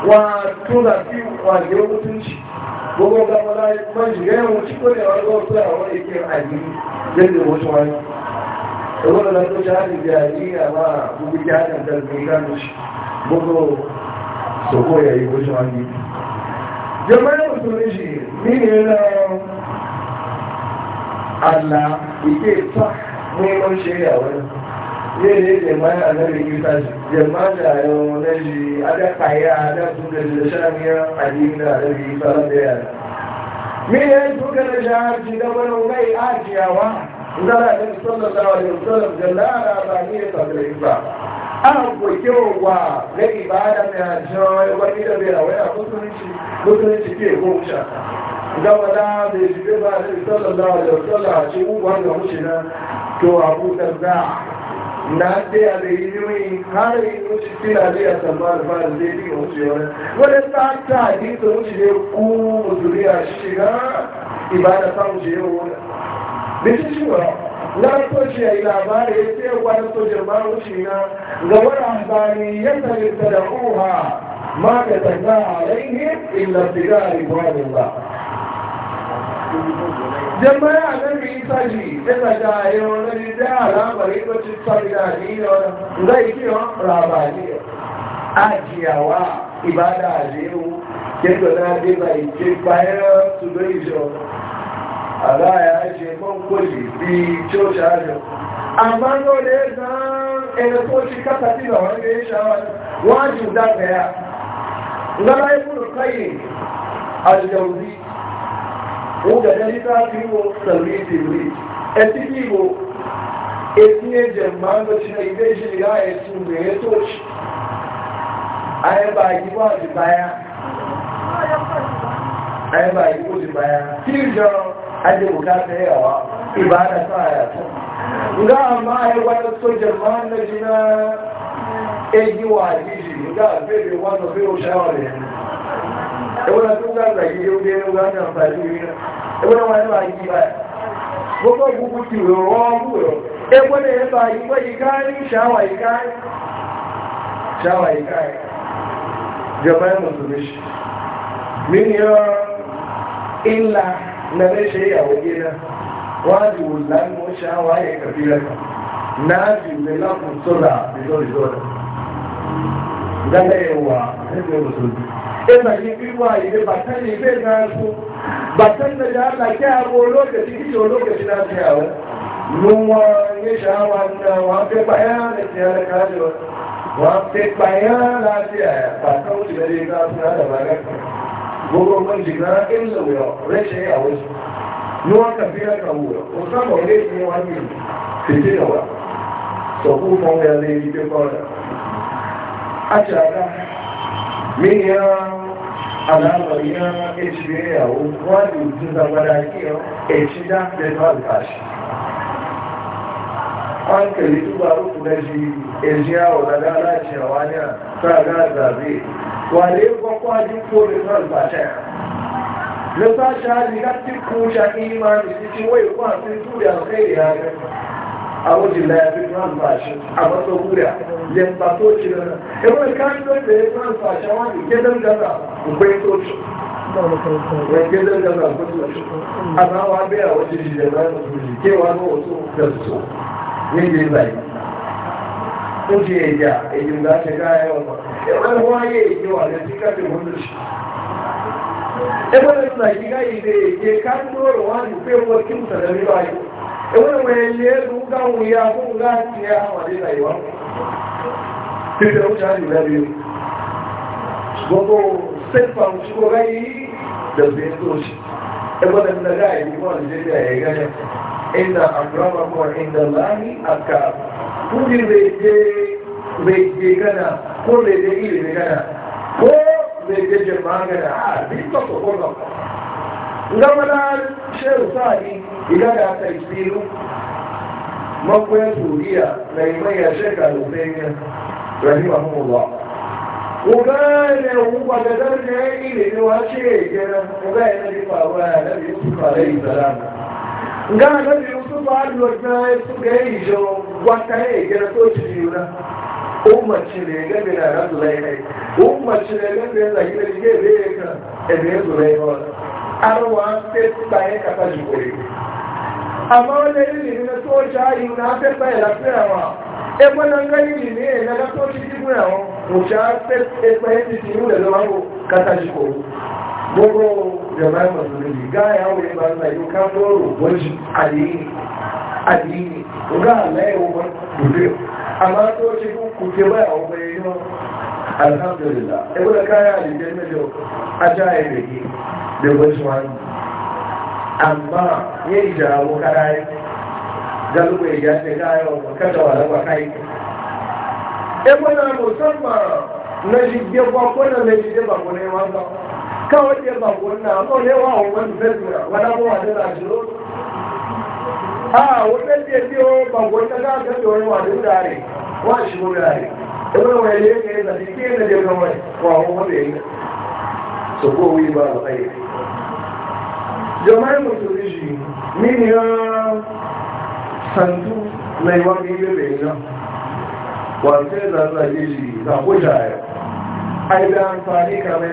wa tuna fi wa ji mutunci gogo ga mala man ji ga mu ci ko ne wa go kula wa yake ajini dan da wasu wani ebole la to ja ji ya ji ama bu bi ja da da kan shi gogo so ya yi wasu wani jama'a mutunci shi ni na Allah ike fa neman shirya wani zai ne jama'a a nan rikita shi jama'a da yawon na shi ada kaya ada su da shi da shamiyar adini da da rikita na da yara mene su ka da shaharci da wani mai ajiyawa zara da sallallahu alaihi wasallam da lara ba ni da tabirin ba an koke wa na ibada mai hajjiyar wani da bai rawaya musulunci musulunci ke ko shaka gaba da bai shi ba da sallallahu alaihi wasallam a cikin wanda mushi na to abu darda na tsaya da yi yi har yi nushi fila zai a samar ba da zai yi wuce wani wani ta ta yi ta wuce ne ku muturiya shiga ibada ta wuce yau wani da shi shi wani wani ba da ba jama'a annabi isa shi ina da yawan wani da alamari ko ci sabida ni wani zai ce wa rabani ajiyawa ibada aliyu kendo na dé ba ìje báyọ̀ tùdó ìjọ àláyà ṣe kọ́ńkòjì bí tí ó ṣáájọ àmá ló lè gan ẹni tó ṣe kátàtí lọ wọ́n lè ṣáwà wọ́n jù òun gẹ̀gẹ́ nípa tí ó sẹ̀lú ìdìrí ẹtí kí ìwò etí ẹjẹ̀ máa ń lọ́tí ilé iṣẹ́ ìyá ẹ̀sùn mẹ́rẹ́ tó ṣì ayẹba ìdìbò àti báyá ayẹba ìdìbò àti báyá kí ìjọ ajẹ́bùká tẹ́ ẹ̀wà ìbára sáà yàtọ̀ nga àmà ayẹwa tó jẹ máa ń lọ́tí náà ẹgbẹ́ wà àdíjì nga àbẹ́rẹ̀ wọn lọ bí ó ṣáwọ̀ rẹ̀ ẹwọ́n tó ń gbàgbà yìí ó gbé ẹwọ́n ní àǹfààní rí náà ẹwọ́n wọn náà yí báyìí gbogbo gbogbo ti rọ ọrú rọ ẹgbọ́n ní ẹ̀fà ìgbọ́ ìkárí ṣàwà ìkárí ṣàwà ìkárí jọba ẹ̀mọ̀ tó lè ṣe mí ni ọ ìlà nàlẹ́ṣe ìyàwó yé náà wọ́n á di wò lánàá ṣàwà ẹ̀kàbí rẹ̀ náà di ìgbẹ́lá kò sọ́dà ìlọ́ìlọ́dà galewa sai musulmi ina yi girma ile ba kan ne zai na su ba kan da ya ala ke abu lokaci kiyo lokaci na su yawo nuwa ya sha'awa na wafe baya da ke ala kajewa wafe baya lafiya ba kan wuce da zai na su na da bagar gogo man jina illa wuyo rashin yi a wasu nuwa ka fi raka wuyo kusan ba wani ne wani fitina ba so kuma ya zai yi fi kawai àṣàdá míyàn aláàbọ̀yàn èṣù ìyàwó wọ́n lè tún sàgbádá kí ọ èṣù dá pẹ̀lú àṣàṣì wọ́n kèrè túbà rúkú lẹ́ṣì èṣì àwọ̀dá aláṣẹ àwáyà sáàgá àgbàbí wà lè kọ́kọ́ àdínkù pẹ̀lú àṣàṣà lọ́pàá ṣáà ní láti kú ṣàkíyí máa nìsí tí wọ́n ìkọ́ àti túbà àṣẹ́ àwọn jìnlẹ̀ ẹ̀fí transfàṣẹ àwọn tó ele yẹn ń pàtó òṣìṣẹ́ náà ẹgbẹ́ káàkiri pé transfàṣẹ wọn o òpé tó ṣù ìkédéjọba òpé tó ṣù àmọ́ àwọn abẹ́ Ele ti ṣiṣẹ́ náà ló ti não kéwàá náà ó tó não níbi ìgbà ele. ó di ẹ̀yà èyí ńlá ṣe káyọ̀ ọmọ não wọn ayé èyí wà ele. káàkiri wọn o ẹgbẹ́ lẹ́sìn àyíká ìdè èyí ká ewewe yelu kawuya kungatya amalila iwapo tibira kuchali labi gogo sepa uchigogai dabentoshi ebona mnagai ibona jeja egaya inda akramakum inda allahi akab kudi beje beje kana ko beje ile kana ko beje jemanga na ah bitta ko ko zamanar shehu sa'adi idan da aka isiru makwai turiya na imayya shekaru ɗaya rahimahullah kuma ne hukwa da zarge ya yi da yawa ce ya gina kuma ya nabi faruwa ya nabi yusuf alayhi salam umarci da ya gabe na ran zulai kai umarci da ya gabe na zagi da jike da ya kan ebe zulai ba arwa sai bayan kafa jikuri amma wanda ilimi na soja yi na sai bayan lafiyawa ebe nan gani ilimi na na soci jibunawa wuce sai e bayan jikiru da zama ko kasa jikuri gbogbo jama'a masu zubi gaya wuri ba sa yi kan doro wajen adini adini ga Allah ya àmá tó ṣe kú ṣe bá alhamdulillah ẹgbẹ́ káyà àdìjẹ́ mẹ́jọ ajá ẹ̀rẹ̀ yìí lè wọ́n wá ní àmá yẹ ìjà àwọn kára ẹ̀ jálùkù ìyá ṣe káyà ọmọ kẹta wà lọ́wọ́ káyì ẹgbẹ́ náà kò sọ́mà lẹ́yìn gbé pọ́pọ́ náà lẹ́yìn gbé bàbọ̀ ní wọn lọ káwọn jẹ bàbọ̀ náà mọ̀ lẹ́wọ̀ àwọn ọmọ ìfẹ́ ah, wọ́n fẹ́ bí ẹbí واشبه ذلك ابن وليك اذا تكين جبن وهو مبين سقوه باب خير جمال مسلمين من يا sandu na iwa ni ile benya wacheza za jiji na kuja hayo aida amfani kame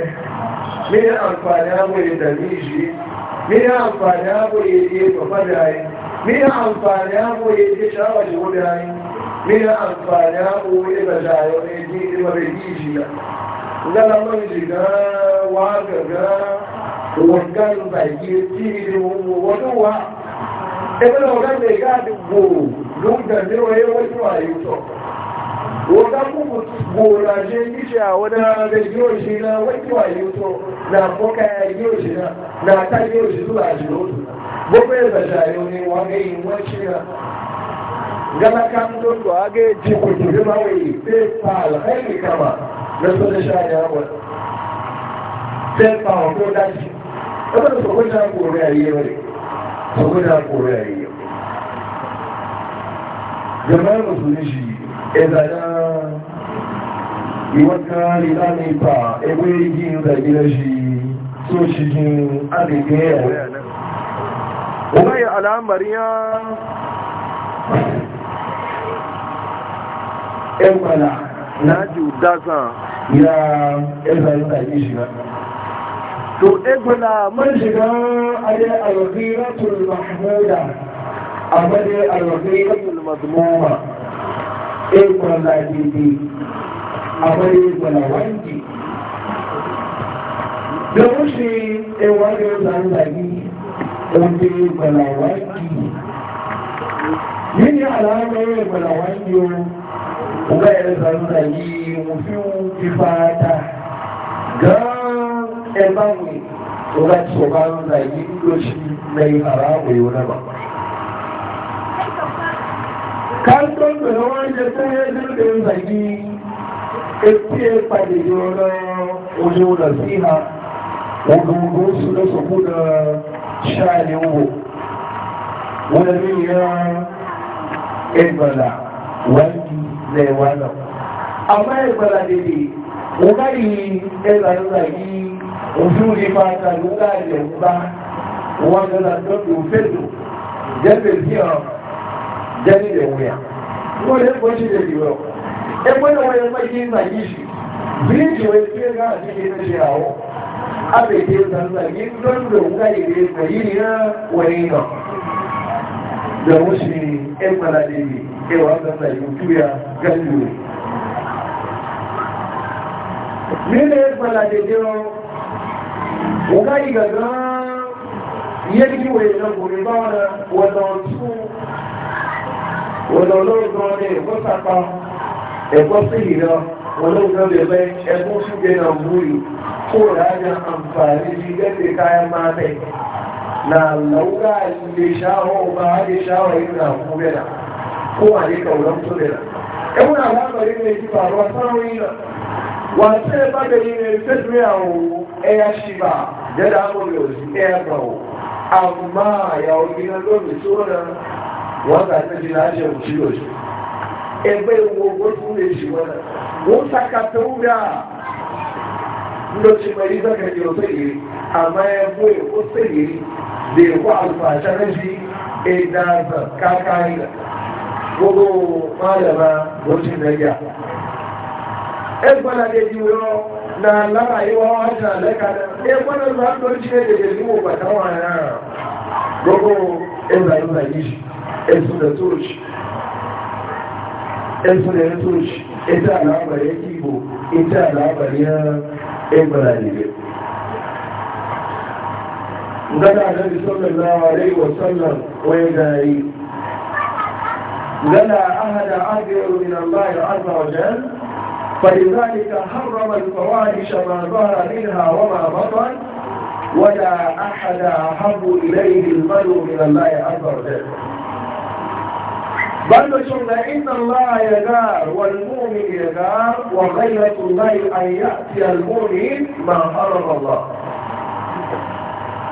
mini amfani yangu ya miji mini amfani yangu ya ile tofadhali mini amfani yangu ya ile shawa juhudi hayo mina amfani haɓo ya da shayo ne ji ima bai ji shi na gana man shiga wa gaga wangan baki ci da wani wa ebe na wangan da ya dubbo duk da ne waye wani wayo to wangan kuma gora je kisha wani da yiwo shi na wani wayo to na boka ya yiwo na na ta yiwo shi zuwa shi rotu boka ya da shayo ne wangan yin gana kan dondo a ga ji ku ki ga wai sai fa alkhairi kama na so da shari ya wa sai fa ko da shi kada so ko da ko ya yi bare so ko e da ko ya yi jama'a musulmi shi ezana iwata fa pa ewe yi da gidan shi so shi jin adike ya wa ya al'amariya emana na ji udasa ya ezayin da yi shiga to egwela man shiga ale alghiratul mahmuda amma dai alghiratul mazmuma egwela didi amma dai egwela wanki da wuce ewa da zan zagi wanda egwela wanki yin yi alamar egwela wanki wayar zanzali mutum fifata gan ẹgbàmì láti ọba ń ra yìí lóṣì lẹ́yìn ara òyò náà káàkiri pẹ̀lú wọ́n jẹ tó yẹ lóde ń ra yìí etí ẹ pàdé yọrọ ojú ọ̀nà sí ha ògbòmgbò sọ́lọ́sọ̀kú na ṣáàlì wò wọ́n ní zai wannan amma ya fara daidai ƙoƙari ya zage-zage ojúri fata lókà ilẹ̀ gbá wọ́n lọ́la tó tó fẹ́tò jẹ́bẹ̀ bí ọ jẹ́ni lè wúyà wọ́n lè kọ́ sí lè yọ ẹgbẹ́ náà wọ́n yẹ kí n nà yìí sí bíríkì wọ́n ti gbé náà sí ilé ṣe àwọ̀ abèdè sàǹsà yìí tó ń lò wúkà ilẹ̀ ẹgbẹ́ yìí ni wọ́n yìí nà lọ́wọ́ sí ẹgbẹ́ náà débi cewa kasa yi tuya galiyo nínú ìpàdà dédé ọ wọ́n ká ìgàgá yẹ́díkíwẹ̀ ìlọ́gbòrin bá wọn wọ̀nà ọ̀tún wọ̀nà olóògbọ́n ní ẹ̀kọ́ sápa ẹ̀kọ́ sí ìlọ olóògbọ́n bẹ̀rẹ̀ ẹkún ṣúgbẹ́ náà múrì kó rájá àǹfààní sí gẹ́gẹ́ káyá máa bẹ̀ na lọ́gbà ilé ṣáwọ́ kowane kaunar su ne ya muna labari ne ji faruwa sarari na wasu ya ba gari ne ta duniya wo ɗaya shi ba da da abu da wasu ɗaya ba wo amma ya wo gina lomi tsoron wanda ta ji na shi wuce yoshi ebe wo wasu ne shi wani musa ka taura lokaci mai zaka ji wasu iri amma ya boye wasu iri da ya ku alfashe na shi idan ka kayi da gudu malama gudun rayya ekwana da yiwuwa na lara yiwa wata laka da ekwana ba don cire da jirgin ba ta wana gudu ezayi zayi shi esu da turushi esu da turushi ita labar ya kibo ita labar لنا أحد أكبر من الله عز وجل فلذلك حرم الفواحش ما ظهر منها وما بطن ولا أحد أحب إليه المرء من الله عز وجل بل شرنا إن الله يدار والمؤمن يدار وغيرة الله أن يأتي المؤمن ما حرم الله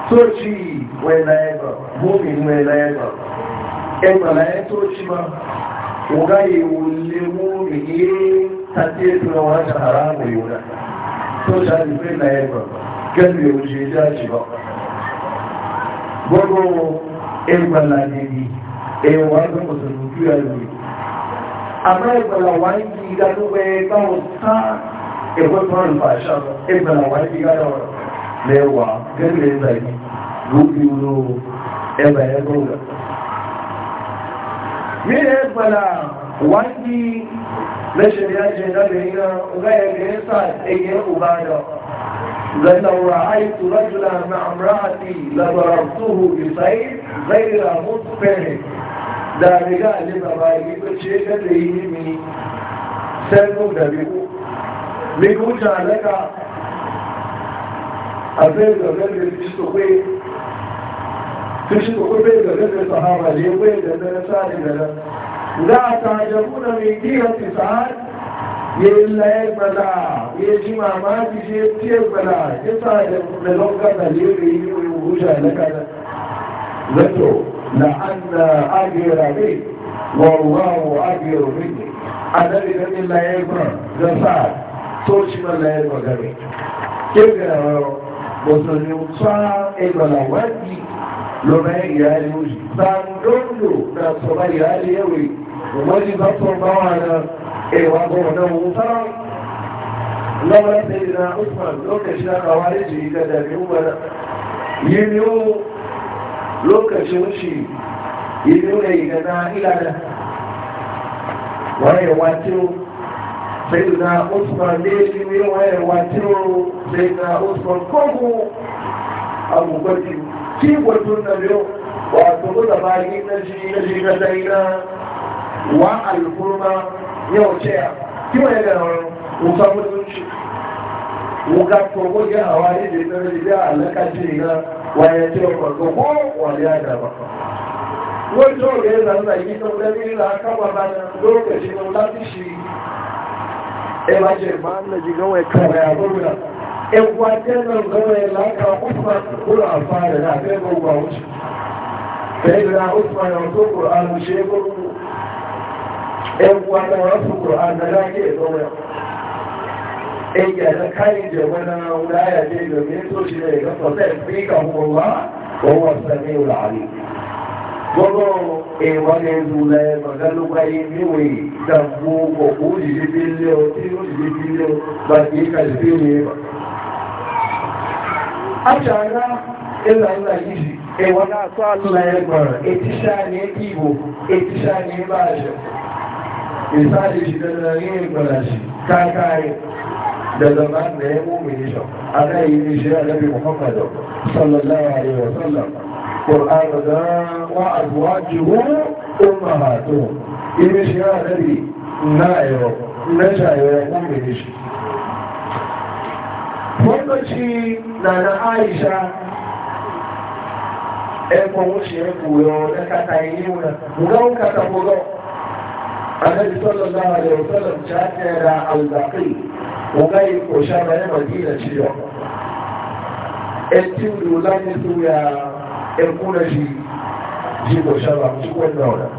سوشي ولا يدار مؤمن ولا يدار ẹgbàrá ẹ tó ṣí ma wọ́gá ìwò lè mú rèé tàbí ètò ọwọ́ ṣàrá àwọn ìwòrán tó ṣàrí pé na ẹgbà gẹ́lù ìwò ṣe jẹ́ àṣìbọ̀ gbogbo ẹgbàlá nìyí ẹwà tó kò sọ̀rọ̀ ojú ẹlùmí àmọ́ ẹgbàlá wà ń yí ìdánúwẹ́ báwọn sá ẹgbẹ́ tó rìn fàṣà ẹgbàlá wà ń yí ìdánúwẹ́ lẹ́wà Bir et bana vaki meşeriye cennabe ile ugaya gelirse ege ugaya. لو رأيت رجلا مع امرأتي لضربته بسيف غير مطفئ ذلك لضرائب الشيخ الذي مني سلم دبيبو بيقول لك أفضل ذلك في السوقين كشف قبيل غير الصحابة ليبين أن سائل لا تعجبون من كيرة سعاد يلا يبلا يجي ما ما تجي يبلا يسعد ملوكا بليري ويوجه لك ذكروا لأن أجر بي والله أجر مني أنا بإذن الله يبرا جساد توشي من الله يبرا كيف يا مسلمين صار إبلا ودي lọ́mọ ìyáálé oṣù sàndóńdò náà sọ̀rọ̀ ìyáálé ẹ̀wẹ̀ wọ́n ti bá sọ̀rọ̀ bá wà náà ẹ̀wà bọ̀wọ̀ náà wọ́n sára lọ́wọ́ ẹ̀sẹ̀ na usman lokacin àwárí jì í gada ní umara yìí ni ó lokacin abubakar shi wato na biyu wato kuma bayi na shi na shi na sai na wa alkurma yau ce ya kima ya gana wani musa mutunci muka koko ya hawaye da ita da ya alaka shi na waya ce wa ko waliya da ba wani zo da ya zanna yi ta wani da aka ba ba lokacin da wani shi e ba ce ba na jigawa ya kawai a gurbin ‘yan wajen nan zama ya laka usman kura a fara na kai gauba wuce sai da usman ya wato ƙur'an wuce ya gurgu ‘yan wajen wasu ƙur'an da na ke zama ‘yan yana kayan jama'a wulaya ne da mai so shi ne ga fasai fi kan kuma ìwọlé ìlúlẹ̀ mọ̀gálúgbà ìníwè ìdàmú òkú òjìjì bí ilé tí ó jìjì bí ilé bá kìí kàjì bí ilé o àṣàrá ẹlà ẹlà yìí ẹwọ́n àtọ́lá ẹgbọ̀rọ̀ ètíṣà ní ìbò ètíṣà ní ìbáṣẹ̀ ìsáàlì ìṣẹ̀lẹ̀ ní ìgbọ̀láṣì káàkiri dẹ̀dọ̀bá mẹ́mú mìíṣọ̀ aláyìí iṣẹ́ alẹ́bí muhammadu sallallahu alaihi wasallam قرآن ذا وأزواجه أمهاتهم إذا شاء الذي نائر نشأ يقوم بنشأ gwamnati na na aisha ɗaikon wuce ya koyo na kata yi yiwuna gan kata kogo a nan sallallahu alaihi wasallam ta tsaya albaƙi ugai ko sha bayan madina ciyo etin lula ne su ya ɗaikuna shi ji ko sha ba cikin nauna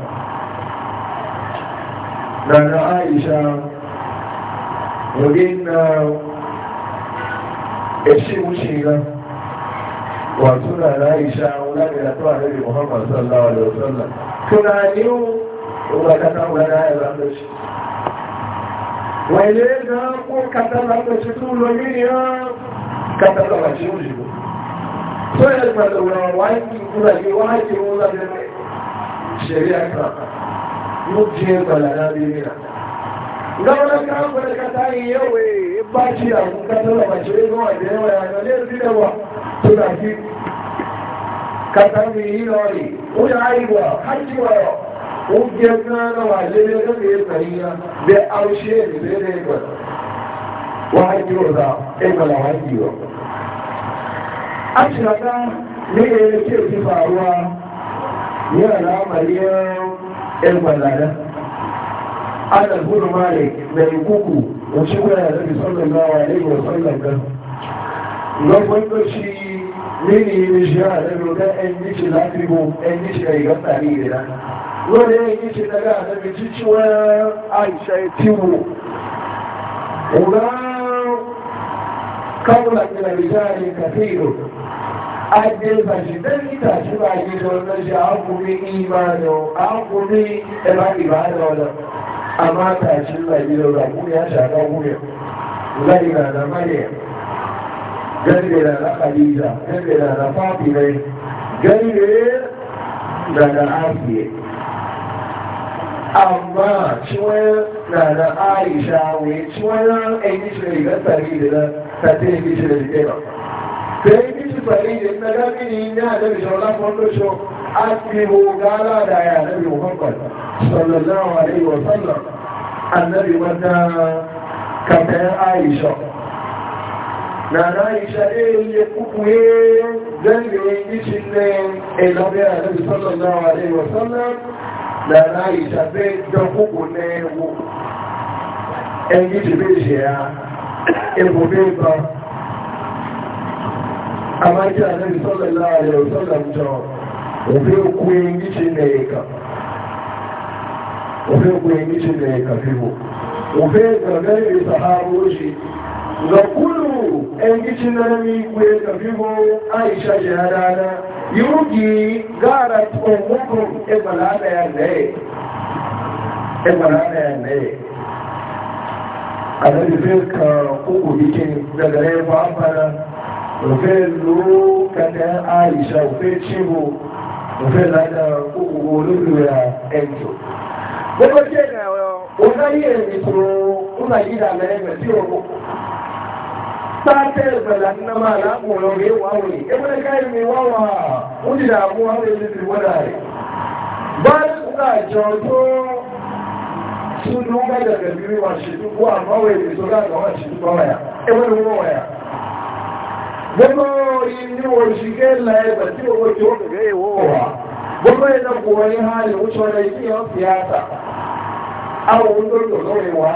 na na aisha wajen na ẹ̀ṣẹ́ ìwúṣe ìran wà tó lára iṣẹ́ àwọn lágbèrè tó àrẹ́bì Muhammad sallallahu alaihi wasallam tó náà ní ó wà kátà wà láàyè lámẹ́ṣì wà ilé náà kó kátà lámẹ́ṣì tó lọ ní ìran kátà lámẹ́ṣì òṣìṣẹ́ tó yẹ gbàdọ̀ wà wáyé kúrò ní wáyé kúrò lábẹ́rẹ́ ṣẹ̀rí àkàrà ló jẹ́ gbàdọ̀ lábẹ́rẹ́ Lọ́wọ́n ká ń pẹ̀lẹ̀ kátà ìyẹ́wé bá ṣe àwọn kátàlọ̀ àṣírí náà ìdẹ́wẹ̀ àjọ lé ìdílẹ̀wà tó dà sí kátà mi yí lọ rí. Ó yà á ìwà, á ti wà ọ̀. Ó jẹ́ náà wà lélẹ́ lórí ìpàdíyà bẹ àwòṣe ìrìnlẹ́lẹ́ ìgbà. Wà á jí ọ̀dà ẹgbẹ̀lá wà á jí ọ̀. A ṣe kátà ní èrè tí ò ti fàrúwa ní àlàámàlẹ́ ẹgbẹ̀lá náà. Anas bin Malik da ikuku da shi da Annabi sallallahu alaihi wasallam kan lokacin da shi ne ne shi ya da roda en ni shi da tribu en ni shi da gata ni da lore en ni shi da ga da bici wa Aisha tiwo ura kawla ila rijali kathiru ajiyar fashidan ita shi ba ne da wannan shi an kuri imanin an kuri ibada wadanda amma tashin labirin ramu ya shafa wuya laira na mariya garira na khaliza garira na fatimai garire da na afiye amma ciwon na na aisha wai ciwon ainihin shirin gasari da na tattalin shirin da ba sai kici fari da na gami ne na da shi wala fondo show asibu gala da ya da bi muhammad sallallahu alaihi wa sallam annabi wata kafin aisha na na aisha ɗaya ya kukuye don da ya yi shi ne ilabi a nabi sallallahu alaihi wa sallam na na aisha bai don kuku ne wu ɗan yi shi bai shi ya ibu sallallahu alaihi wa sallam jọ obi okwu yi shi ne ya وفي قيمش اللي يكفيه وفي قرنين يتحاروا شيء وكل أنجش نرمي ويكفيه عائشة جهرانا يوجي قارت أمكم إبلانا يا إبلانا يا àdájú fẹ́ ka kókò díkẹ́ dagarẹ́ bá bára òfẹ́ ló kẹta àìṣà òfẹ́ ṣíwò òfẹ́ lára kókò olóòrùn ẹ̀jọ̀ Gbogbo tí ènìyàn òṣèré ìṣòro Nàìjíríà mẹ́rin tí ó kò. Sáàtẹ́ ìfẹ̀lá ní máa láàpù lórí wáwùn. Ẹgbẹ́ káyìí mi wá wà ó ti dààmú wáwùn èdè ti wọ́dà rẹ̀. Báyìí kúkà jọ tó súnú gbẹ́gbẹ̀gbẹ̀ bí wà ṣètúkú àmọ́wẹ̀ èdè tó láàrín wà ṣètúkú wáyà. Ẹgbẹ́ ni wọ́n wáyà. Gbogbo ìní òṣìṣẹ́ lẹ́ẹ̀bẹ̀ tí owó tí ó kẹ̀kẹ́ ìwọ́ wà. Gbogbo ìdàkùnrin hàn ní ó ṣọ́ra ìsìn àwọn olóòtò lórí wa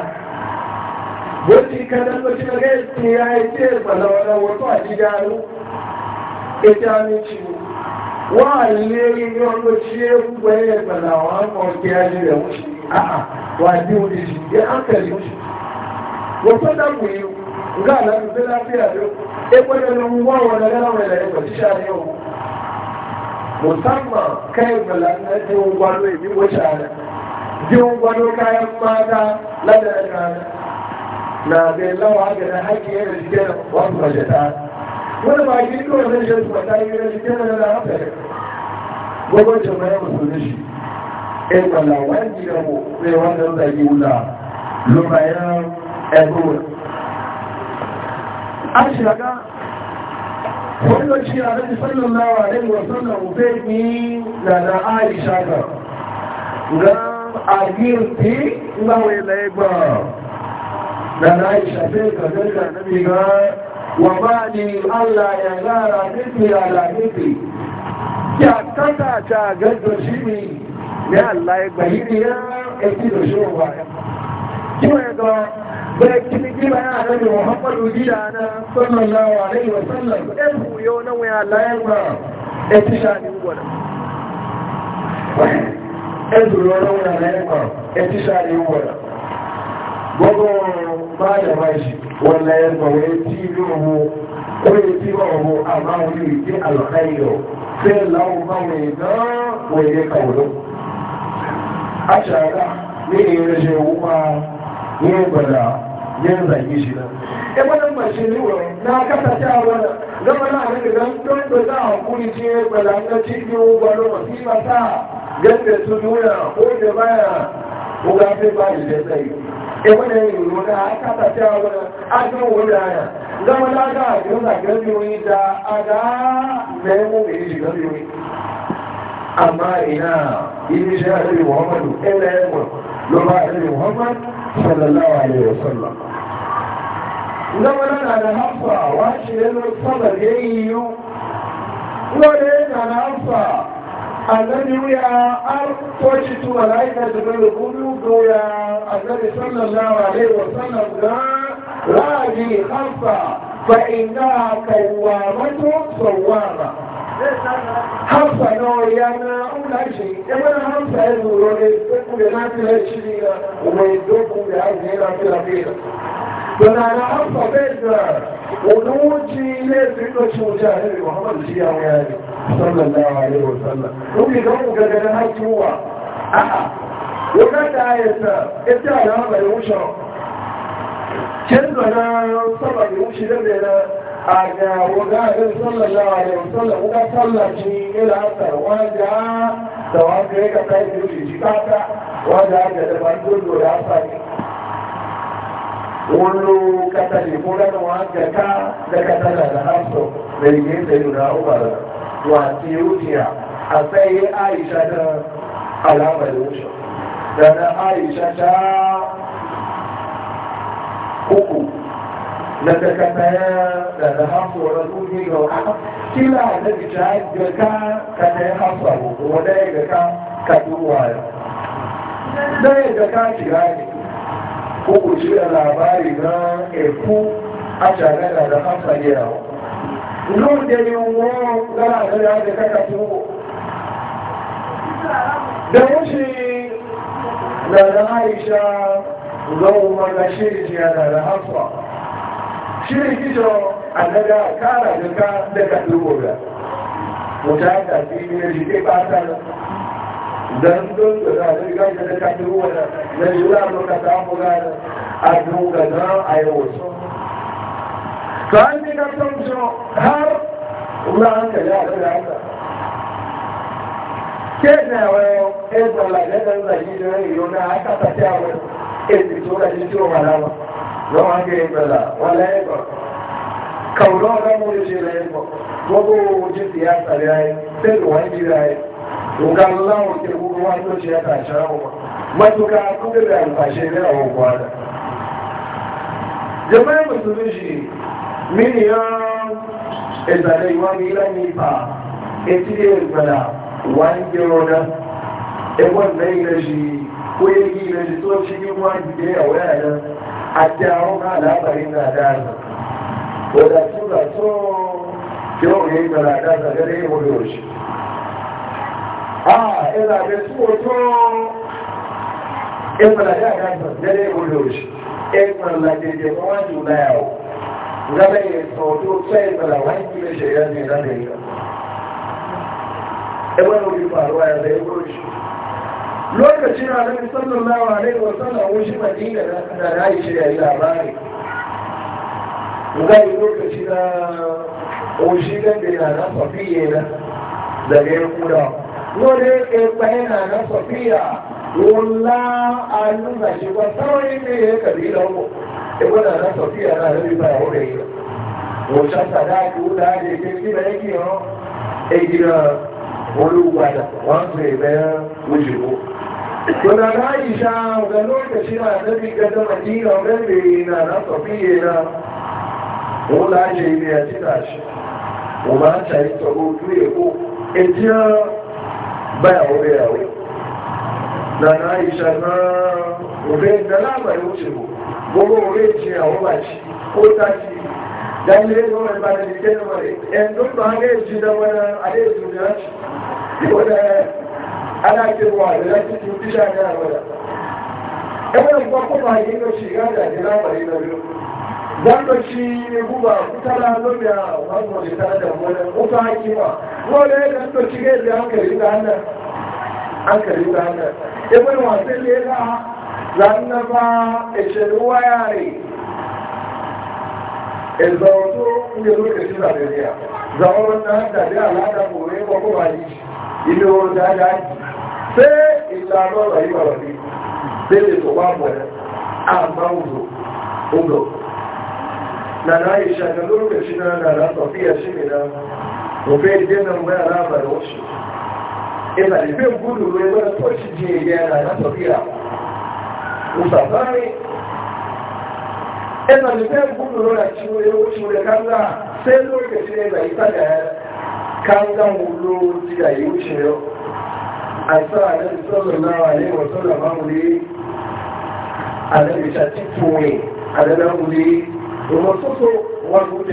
bó ti kẹta tó ti lọ́gẹ́ ti ra ẹtí ẹ̀gbọ̀nà ọ̀nà wọ́n tó àdídá ló ètí àmì ti wọ́n à lé rí ní ọdún tí ó gbẹ́ ẹ̀gbọ̀nà àwọn akọ̀ kí á lè rẹ̀ wọ́n wà ní orí sí ní ákẹ́lì wọ́n tó dàgbù yìí nga àlàbù tó lábẹ́ àdó ẹgbẹ́ ẹnu wọ́n wọn lọ́wọ́ wọn lẹ́yìn pẹ̀lú sáré ọ̀hún mùsàmà kẹ́ ẹ̀gbọ̀nà ẹni wọ́n wá lóyìn ní wọ́n sáré Yin wani kayan mata ladar rana na zai lawa ga na haƙi yana cikin wasu bajata wani ba shi kawai zai shi su mata yi na cikin wani na haka ne gwamnatin mai musu da shi E, kwallo wani da mu zai wannan zagi wula lumayen ebola an shiga wani lokaci a nan sallallahu na wasallam zai yi na na aisha ga àgíntí láwọn ilẹ̀ ẹgbà dàdá ìṣàfẹ́ ìkàtẹ́kà níbi gan wà máa ní aláyà lára níbi àlàníbi kí a kátà àti àgẹ́jọ sí mi ní àláyẹgbà yìí ni ẹ̀kí lòṣòwò wà kí wọ́n ẹ̀gọ́ Bẹ́ẹ̀kìní kí bá yára rẹ̀ Muhammadu jíra na sallallahu alaihi wasallam, ẹ̀kù yóò náwẹ̀ ẹ̀tíṣà ní gbọ́nà ẹ̀dùn lọ́wọ́ nàlẹ́kọ̀ ẹtí sáré wọ̀ gbogbo máa yàrá yìí wọ́n lẹ́yẹ̀kọ̀ wọ́n ti ìlú owó wọ́n ti ọ̀wọ́ àbáwọn yìí dé àlọ́ká ìlọ fẹ́ láwọn báwọn ìdán wọ́n yẹ kàwọ́ aṣàrá ní ìrẹsẹ̀ owó máa ní ìgbàlá yẹn zàyé shi nan e wannan ba shi ne wa na kasa ta wani zama na hannun da don da gaske su nuna ko da baya ko ga sai ba da sai e wanda ya yi wanda aka ta ta wanda aka wanda ya zama da ga gina gaske wani da aga da ya mu bai shiga wani amma ina yin shi ya ce Muhammadu ila ya mu lamba ya Muhammad sallallahu alaihi wasallam zama na da hafsa wa shi ne sabar yayi yu wanda na da hafsa الذي ويا وجدت ملائكة بالقلوب ويا الذي صلى الله عليه وسلم لا راجي خلفه فإنها كوامة صوامة حفظة نوريانا أولا شيء إما حفظة يقولون يدوكوا لنافلة الشرية ويدوكوا لهذه نافلة فيها فأنا حفظة بيتنا ونوجي لذلك شوجة محمد الشيعة ويالي sallallahu alaihi wasallam kun bi kan ga ga har tuwa a'a wannan da ayata ita da ba ya wuce kin da na saba ya wuce da da a ga wanda ga sallallahu alaihi wasallam ga sallaci ila asar wanda da wanda ya ka kai shi shi kaka wanda ga da ban dole ya sani wani katali ko da wanda ka da katala da hasso da yake da yura ubara wasi wuciya a sai aisha ta alamar wuce da aisha ta uku na takataya da na hafu wani kuni ga wani kila da bita ga ka ka ta yi hafu a gugu wanda ya ga ka ka duwa ya ɗaya ga ka shiga ne uku shi da labari na eku a shagana da hafa yawa lóde ni wọ́n lára àgbẹ̀rẹ̀ àjẹ́ kẹta tí ó dẹ̀wọ́ sí dàdà àìṣà lọ́wọ́ mọ́lá ṣíríkì àdàdà hafà ṣíríkì jọ àdàdà kára àjẹ́ká dẹ́ka tí ó rẹ̀ wọ́n ta sí ilé ìṣẹ́ pátá don don da riga da ta ruwa da sa'an ne na san su har wula hankali a kan haka ke na wayo ezan laladan zagi da rai yau na haka ta ta wani ezi to da shi ciwo malama don haka yi bala wala ya ba kauro na mu da shi da ya ba gbogbo wajen siyasa da ya yi sai da wani da ya yi Nga Allah wa mílíọ̀n ìgbàlẹ̀ ìwọ́n ní ilẹ̀ Ela ipa a ilé ìgbàlà wà ní gbẹ̀rọ̀dá ẹgbọ́n ìgbẹ́ ilẹ̀ ṣe ela yẹ kí ilẹ̀ ṣe tó ṣe ní wọ́n ìgbẹ́ ìyàwó yàrá àti àwọn náà lábàárí náà dáadáa wọ́n dàtí ó dàtí ó a ó rí ìgbàlà dáadáa gẹ́gẹ́ ìwọ́n yóò ṣe. Ah, ẹ̀rọ àgbẹ̀sí wo tó ẹgbàlà dáadáa gẹ́gẹ́ ìwọ́n yóò ṣe ẹgbàlà dèdè wọ́n wá jù láyàwó. game da hoto sai da wani kuma shirya ne na da ita ebe na obi faruwa ya zai gori shi lokacin na nabi sallallahu alaihi wa sallam wuce madina da na yi shirya yi labari zai lokaci na wuce gande na na safiye na daga ya kura lórí ẹgbẹ́ na na safiya wọ́n lá àánú sauri ne ya ẹ̀kàbí lọ́wọ́ ẹgbọ́n náà lọ́sọ̀ sí ẹ̀rọ àlórí bá ìwé rẹ̀ wọ́n ṣàṣàdá ìwú láàrin èké sí bẹ́ẹ̀ kí wọ́n èyí náà olúwadà wọ́n pè bẹ́ẹ̀ lójúwó. Gbọ̀dọ̀ náà yìí ṣá ọ̀gá lórí tẹ̀sí náà lẹ́bí gẹ́gẹ́ Màdínà ọ̀gá lè náà lọ́sọ̀ bí iye náà wọ́n láàrin ilé ẹtí náà ṣe. Wọ́n máa ń ṣàyí sọ̀rọ̀ ojú èkó ètí Nàná ìṣàná òfin ìdálàmà ló gbogbo orí ìṣe àwọn bàjì ó tàbí dáńdé lọ́wọ́ ìbàdàn ìjẹ́nu rẹ̀ ẹ̀ndùn bá ń gẹ́ẹ̀jì lọ́wọ́dá adéjù náà ìwọ́dá aláàkéwà lọ́tí tí ó bí dáa náà wọ́dá ẹgbẹ́ ìpapọ̀pọ̀ ayé ló ṣe ìgbàdà ní láwàrí lọ́lọ́ dáńdọ̀ sí ibùbà kútàlá lórí àwọn ọmọ ìtàdà wọ́dá ó fà á kí wà wọ́n lẹ́yìn dáńdọ̀ sí gẹ́ẹ̀jì zannaba ìṣèlúwà yàrí ìzọ̀rọ̀ tó kúrò lókèsí nàìjíríà zàwọn dáadáa aládàbò ní kọkọ́ wà yìí ilé oòrùn dáadáa yìí pé ìlànà ọ̀rọ̀ yìí wà lọ́dí lélè tó wà mọ̀ àmà òdò òdò nàdá ìṣẹ̀lẹ̀ lókèsí náà nàdá sọ̀fí ẹ̀ṣí mi náà òfin ìdí náà mọ́ yàrá àbàlẹ̀ òṣù ìlànà ìgbé gbúdù lórí ẹgbẹ́ tó ṣì usafari ina da zai gudu nuna ciwo ya wuce da kanga sai lokaci ne zai ta da kangan hulo ti da yi wuce yau a sa da tsoron nawa ne wa tsoron mamuli a da bisha tito ne a da namuli domin soso wani wuce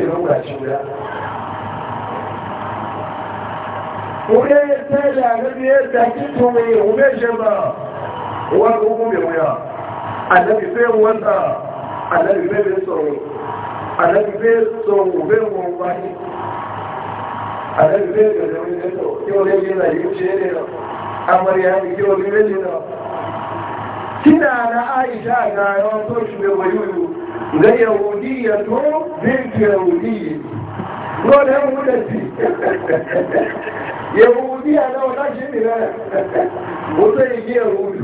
àdẹ́bí fẹ́ wọ́n tà àdẹ́bí fẹ́ lè sọ̀rọ̀ àdẹ́bí fẹ́ sọ̀rọ̀ fẹ́ wọ́n wáyé àdẹ́bí fẹ́ gẹ̀rẹ̀ orí lẹ́tọ̀ kí wọ́n lè yé náà yóò ṣe é kí wọ́n lè lè na àìṣà àgbà tó ṣùgbẹ́ wọ̀nyúlù ga yahudiyya to binti yahudiyya dole yan wudanci yahudiyya na wata shi ne na wata yi yahudu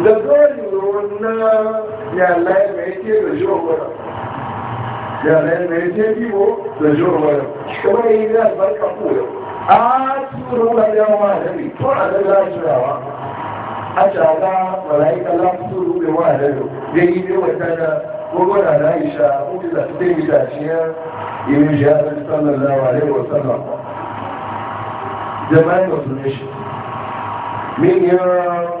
da tsari wannan ya lai mai ke da jiwon wadda ya lai mai ke biyo da jiwon wadda kuma yi da barka koyo a turu ba da yawa da ne to a da za su yawa a shaga malaika la turu da wa da yau da yi da wata da gwagwada na isha kuma da su dai bisa ciya yin shi ya zai sallallahu alaihi wasallam jama'in musulmi shi min yawan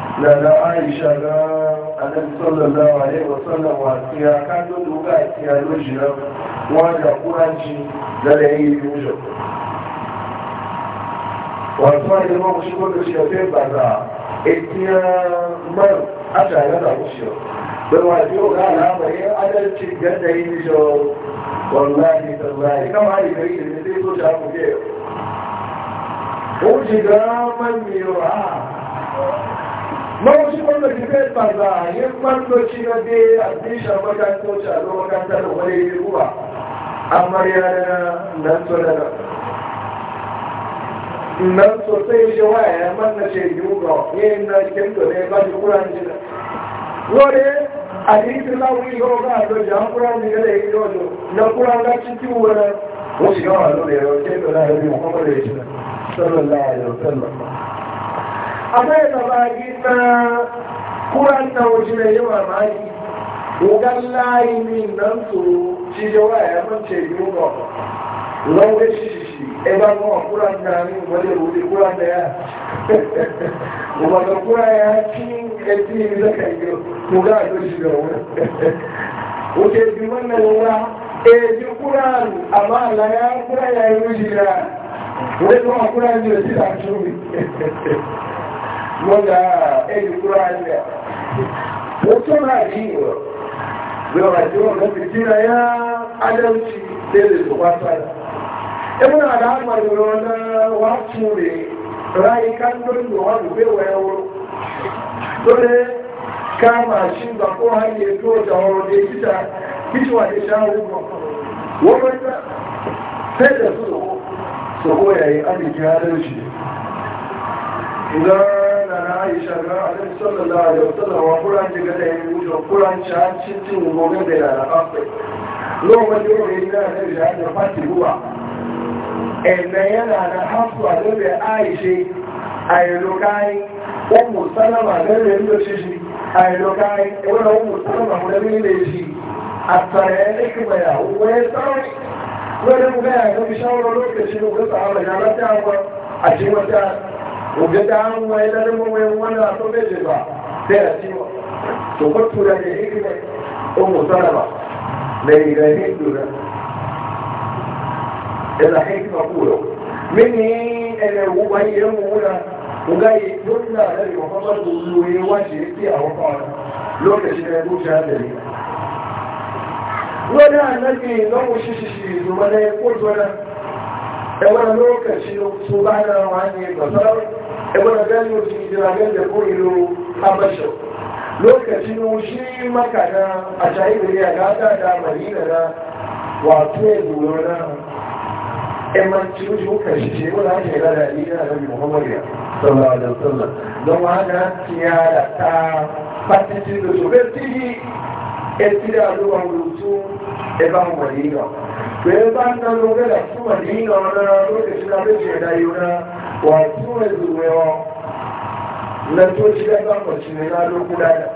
lalá aisha rán alẹ́sọ́lọ́lá wàlé wọ́sọ́lọ́ wà tí a ká tó dúgbà tí a ló jìrọ wọ́n jà kúrá jí lẹ́lẹ́ yìí jù Wọ̀n tí wọ́n ti mọ́ ṣíkọ́ tó ṣe ọ̀fẹ́ ìgbàgbà, ètí ọmọ àṣà ìrọ́dà ó ṣe ọ̀. Bẹ́rọ àti ó rá àlàáfẹ́ ayẹ́ ti gẹ́ta ìrìnṣọ́ ọ̀lá ìtọ̀lá ìkọ́mà ìgbẹ́ ìrìnṣẹ́ tó ṣàkùnjẹ́ ọ̀. Ó ti gbá mẹ́mìí rọ̀ wanda ki zai baza yin kwantoci na dai a bishan makantoci a zo makantar wani ruwa amma ya na nan so da nan nan so sai shi waya ya manna ce yuga yin na cikin to ne ba shi kuran jina wani a yi ti lawi yau ga a doji an kuran jina kuran na waje na yi mamaki wugan layi min nan to ci jawa ya mace biyu ba zan ga shi shi shi e ba kuma kuran na ni wale wuri kuran da ya kuma ga kura ya ci ƙarfi ne da kai biyu mu ga a shi da wuri wuce Mutum na jiwa, bai e wa jiwa mafi jina ya adalci daidai su kwasa. Ibuna da almar wuri wanda wasu ne rayu e kan don da wani bai wa yawon. Dole kama shi ba ko hanyar to da wani da kita kicewa da shawo ba. Wani sai da su su koyaye an yi adalci ga na aisha ga alaihi sallallahu alaihi wasallam wa kuran ji ga da yi wuce kuran ci an cikin gobe da yana akwai lokacin da yau yi na da ya da fati ruwa ẹ̀nà yana na hafu a lórí aishe àìlókáyí ọmọ sálàmà lórí ẹ̀lú ṣíṣí àìlókáyí ẹwọ́n ọmọ sálàmà lórí ilé ṣí àtàrẹ ẹ̀kìmẹ̀yà owó ẹ̀ sáré lórí mú ogata an waye da mu waye wanda to bai ba sai a ci to ko tura ne yake ne o musalama da ilahi dura ila hikma kulo mini ele waye mu wala ugai dunna da Muhammad duwe waje yake a wafa lokacin da duka da ni wani annabi don mu shi shi zuwa ne ko zuwa da wani lokaci su ba ibn gani shi jiragen da koyo habasha lokacin shi maka na a jahiliya ya ta da marina na wato ya zuwa na emancin shukar shi shi wani ake rada ina da muhammadu ya sallallahu alaihi wasallam don haka ya da ta fatici da su bai tiri etira ló wà lóòótọ́ ẹbá wọ̀ nínú pé bá ń tán lọ́gẹ́lẹ̀ fún wà nínú ọ̀nà lókè sí abẹ́jẹ̀ ẹ̀dá yóò náà wakiwa zuwewa na to shi da ba mu shi ne na lokuta da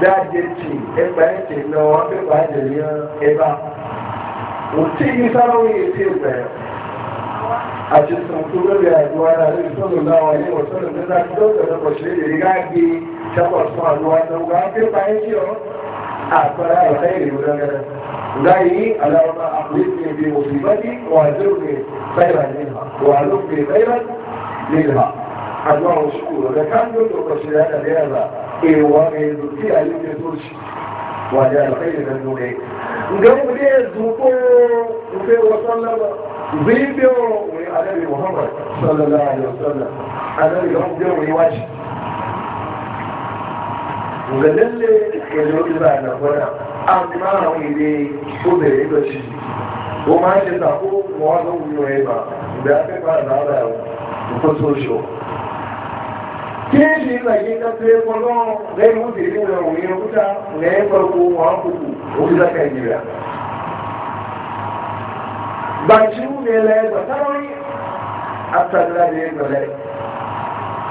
da jeji e ba e te no wa be ba de ni e ba o ti ni sa ro yi ti be a ti so ku ro ya ju ara ri so lo na wa ni o so lo na do do ko shi دعي اللهم أخلصني مصيبتي وأجرني خيرا منها وألقني خيرا منها الله شكور لكان يدرك شيئا لهذا إيواني ذكي أليم يدرش وهذا الخير من نوعي نقوم ليه الزوطو وفيه وسلم فيديو ونبي محمد صلى الله عليه وسلم أنا اليوم دير رواج وقال لي اللي يقول بعد أخوانا amma wani ko da ya gaci ko ma shi da ko wa zo wuyo ba da aka fara da da ko so shi ke shi da ke ka sai ko no dai mu da ni da wuyo kuta ne farko wa ku ko da kai ne ba ba shi ne la ba tawi hatta la ne ba la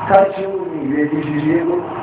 ka shi ne ne shi ne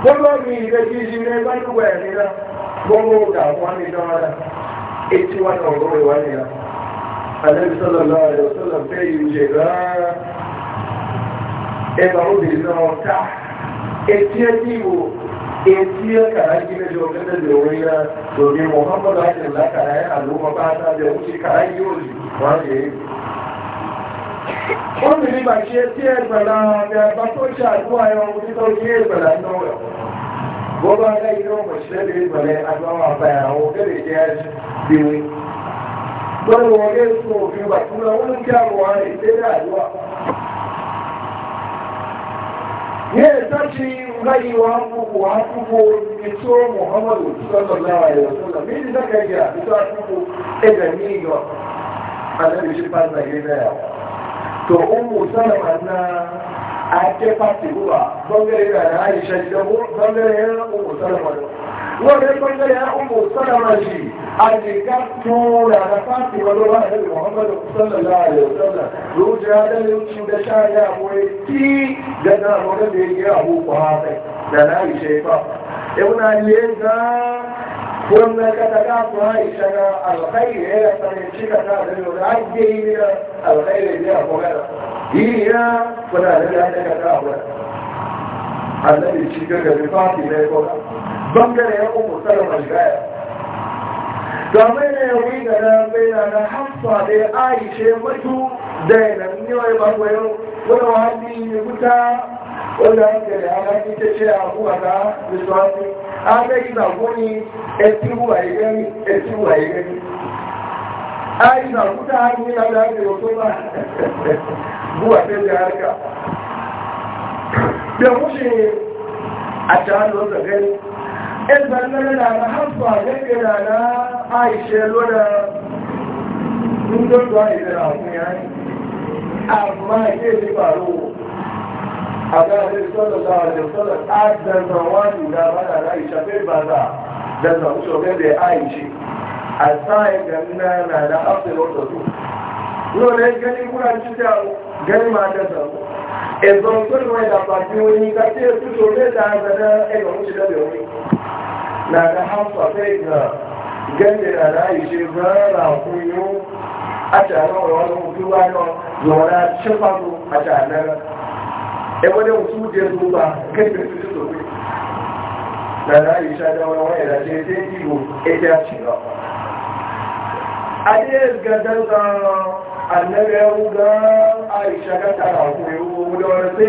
gbogbo mi ìrètí ìṣirẹ gbajúgbà ẹ̀ nínú gbogbo ọ̀gá wọn ní dánwàdà etí wọn náà ọ̀rọ̀ ìwà nìyà alẹ́bí sọ́lọ̀ lọ àrẹ sọ́lọ̀ fẹ́ ìlú ṣe rárá ẹgbà obìnrin náà ká etí ẹtí wo etí ẹkàrà yìí méjì ọ̀gẹ́dẹ̀ lórí rẹ lórí Muhammadu ajẹ́lá kàrà yà ló mọ́ bá sáájẹ́ ó ti kàrà yìí ó lè wọ́n lè ó mi nígbà ṣe tí ẹgbẹ̀lá ọ̀rẹ́ àgbà tó ṣe àdúrà ẹran orí tó ẹgbẹ̀lá inú rẹ̀ wọ́n bá lẹ́ ilé ọmọ ìṣẹ́ lè gbẹ̀lẹ̀ agbáwọn àbáyà jẹ́ bíwí gbọ́dọ̀ wọn lé sọ òfin wà fún wọn ní kí àwọn àrẹ ìdẹ́rẹ́ àdúrà ní ẹ̀sọ́ ti ráyí wa ń kúkú wa ń kúkú ètò Muhammadu sọ́tọ̀ lára sọ́tọ̀ méjì dákẹ́gẹ́ to umu salama na ake fati ruwa bangare na na aisha da bangare ya umu salama da wannan bangare ya umu salama shi a jika tura na fati wani ba da muhammadu sallallahu alaihi wasallam ruja da yauci da sha ya boye ti da na wani da ya gira abu ba da na aisha ya fa ibn ali ya كنا كتكاف عائشة الخير هي تنشيك تابل من الخير هي أخوة هي كنا لله كتكاف الذي شكك بفاتي ليكوك بمجر يقوم السلام الجاية كمان يريد أن بين أن حفظ لعائشة مجو دينا من يوم يوم ولو عندي يقول ولا أنت لأنا كنت شيء أخوة بسواتي abẹ́ ìgbà fún ní ẹtíwù àìrẹ́rí ẹtíwù àìrẹ́rí àìgbà fún tàà ní aláàrẹ̀ òtọ́lá bú àtẹ́lẹ̀ àríkà bí ọmọ ṣe àtàlọ́ sọ̀gẹ́ni ẹgbà lọ́rẹ̀ àrà hàpù àgẹ́gẹ́ àrà àìṣẹ́ lọ́rẹ̀ ń lọ́tọ̀ àìrẹ́ àwọn ìyá àmà ìdí èdè pàrọ̀ Àbẹ́rẹ́ sọ́lọ̀lọ́ àjọ̀sọ́lọ̀ á dẹ̀nà wọ́n ìgbà bára láìṣà pé bàbá dẹ̀nà òṣò mẹ́bẹ̀ àìṣe. Àtàì gẹ̀mínà náà na áfẹ́ lọ́tọ̀tọ̀. Lọ́rẹ́ gẹ́ni kúrà títà gẹ́ni máa dẹ̀nà. Ẹ̀bọ̀n tó lọ ìdàpà tí ó ní ká tí ètù tó lé dáadáa ẹ̀yọ̀ ń ṣe lọ́bẹ̀ orí. Nà na áfẹ́ fẹ́ ìgbà gẹ́ni náà láìṣe gbọ́nà fún yóò. Àtàrà ọ̀rọ̀ ọ̀rọ̀ ẹgbẹ́ dẹ̀ wùtú jẹ́ tó bá kẹ́kẹ́ tó tó pé nàrá ìṣàdá wọn wọ́n ẹ̀dà jẹ́ tẹ́ ìwò ẹgbẹ́ àṣìlọ adé gàdánta ànẹ́rẹ́ ọgbà àìṣà kátà àwọn ewu ọmọdé wọn pé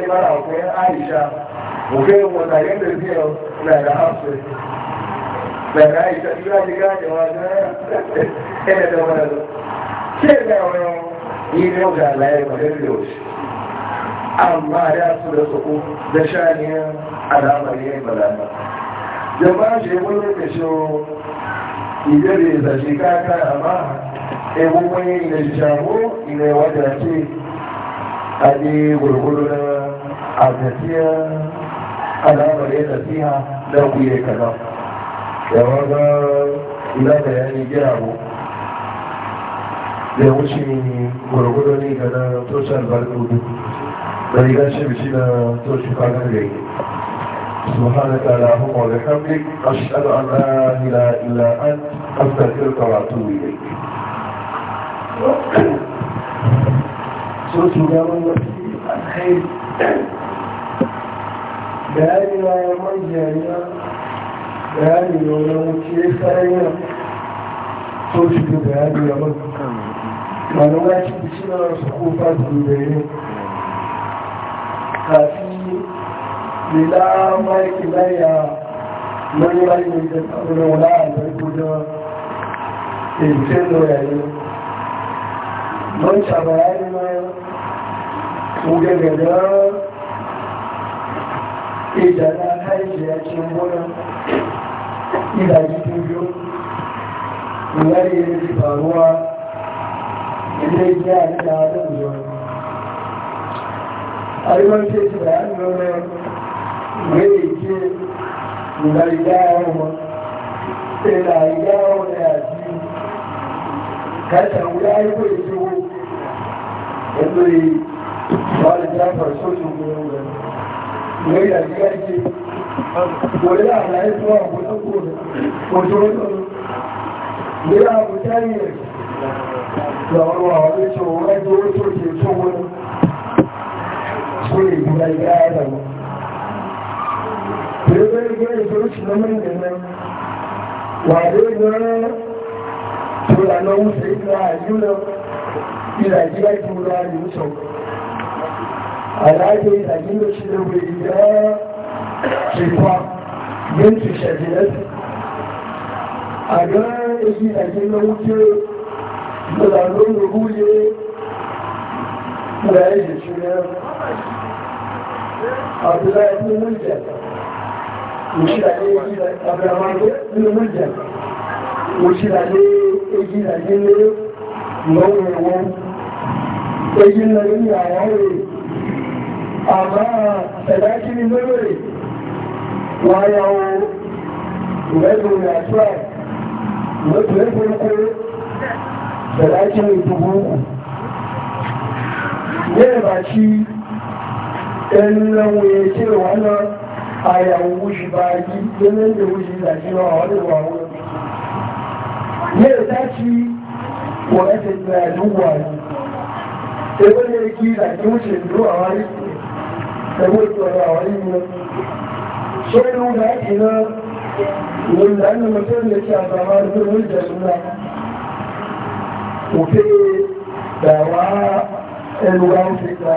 ẹgbẹ́ àwọn àìṣà òkè wọn nà yẹn lè bí ọ nàrá àṣẹ nàrá ìṣà tí wọ́n ti gáàjẹ wọn náà ẹ̀ẹ́dẹ̀ wọn lọ sí ẹgbẹ́ ọ̀rọ̀ yìí ni ó gà láyé pàdé lè òṣì amma ya su da suku da shaniyar alamar yin balaga jama'a shi wani da shi idan da ya zashi kaka amma ewu eh wani da shi shago ina ya wadda ce a ne gurguru na agatiyar alamar yin nasiha da kuye kaza yawa ga ina bayani gira mu da wuce gwargwado ne ga na social value فإذا شمسنا تشفى إليك سبحانك اللهم وبحمدك أشهد أن لا إله إلا أنت أستغفرك وأتوب إليك سورة الجامعة الخير بهذه الأيام الجارية بهذه الأيام الجارية سورة بهذه الأيام قالوا لا شمسنا سقوطات من بينك kafi nila mai kilaya mai mai mai da tsarin wula a zarko da intendo yayi don shaba ya yi mai kuga gada ijana haiti ya ce mura ila jikin biyu wani yanzu faruwa ilai jiya da ta zuwa ayyukan ce su da yanzu ne mai ke da rigayen mu sai da rigayen mu da yaji kashin wuya yi ko yake wu yanzu yi ba da jafar sojin gudun gani mai da riga ke wani da ala yi tuwa ko ɗan kodin wato wato ne ya abu ta yi da wani wa wani ce wani wato wato ke tsohon shine gidan ɗaya da ya zai gina ta wuce na man da nan wade na turanen wuce ina a yunan irajiya tura da wucin alaƙe irajin da shi da wuri ya cewa yin su shajirar a ga iji irajin na wuce turanen da guje da ya shi shi Abdullah ibn Munjal. Òṣìlàyé Abdulhamid ibn Munjal. Òṣìlàyé Ejìlàyé lé lọ́wọ́ ẹ̀wọ́n. Ejìlàyé ní àwọn rẹ̀. Àmá ẹ̀dá kí ni lórí wáyà o. Ìrẹ́dùn rẹ̀ àtúrà. Ìrẹ́dùn rẹ̀ Bẹ̀rẹ̀ ajé ìdúgbò. Yẹ́rẹ̀ bá ɗan nan ya ce wannan a yawon wushi baki ganin da wushi da shi ba wani ba wani yau ta ci wa ya ce da duwa ne sai wani ya ki da ki wuce duwa wani da wuce wa wani ne sai nuna ake nan wanda an mutum da ke a zama da wuce da suna ko ke da wa ɗan ruwan fi da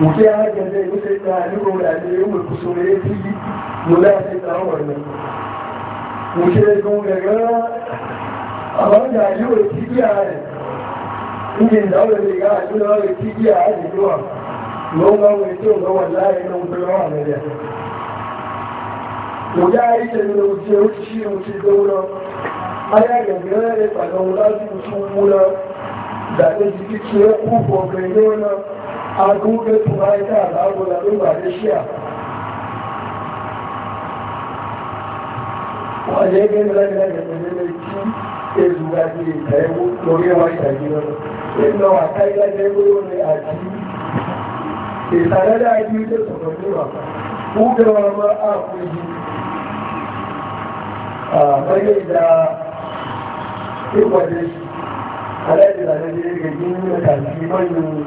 mutu ya hajjar zai yi sai ta hannun da ne yi mulku so ne ta hawar nan mutu ya zo gaga a ban da yi wa tiki a ne injin da wani riga a tuna wa tiki a ne zuwa noma mai a google kuma ya ta zago da duba da shiya wajen gani da gani da gani da ci ya zuwa ne da ya gobe wa shi a gidan inda wa ta yi lafiya goyo ne a ci ke tare da ake da tsofaffi ba kudewa ma a kuji a bayan da ikwaje shi alaƙi da na jirgin yin da tafi manyan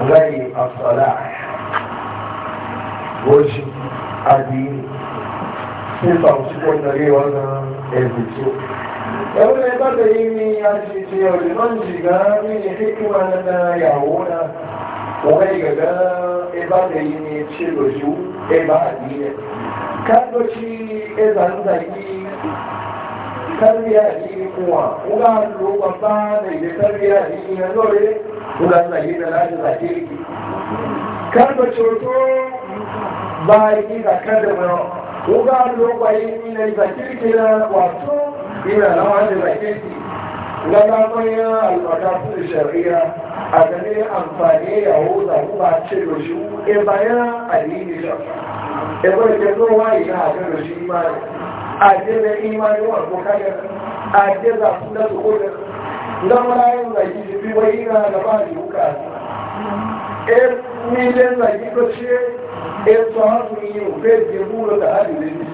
غير الصلاح وجه الدين sífà òṣìṣẹ́ ìtàrí ọ̀nà ẹ̀bù tó. Ẹ̀wọ́n ẹgbẹ́ bẹ̀rẹ̀ ní àṣìṣe ọ̀dẹ̀ náà jìgá ní ìfẹ́kíwà nana ìyàwó náà. Wọ́n ìgbàgbá ẹgbẹ́ bẹ̀rẹ̀ ní ṣe lòṣù ẹgbà àdíyẹ. Kágbóṣí ẹgbà ń dàgbí kárí àdíyẹ fún wa. Wọ́n á lo bàbá nàìjíríà kárí àdíyẹ lọ́rẹ́. kuka tsage da lafi zake riki karba coto ba yi da kada mana kuka lokwayi ina zake riki na wato ina lawa da zake riki na zamanya albarkatu da shari'a a ganin amfani ya huza kuma ce da shi e bayan alini shafa e bai ke zuwa yi na ajiyar da shi imani ajiyar da imani wa ko kayan ajiyar da su da su kodin idan bayan zaki shi eh, biwa eh, yi na gaba da yuka e milen zaki ko ce e to ha su yi ufe je buru da hali da shi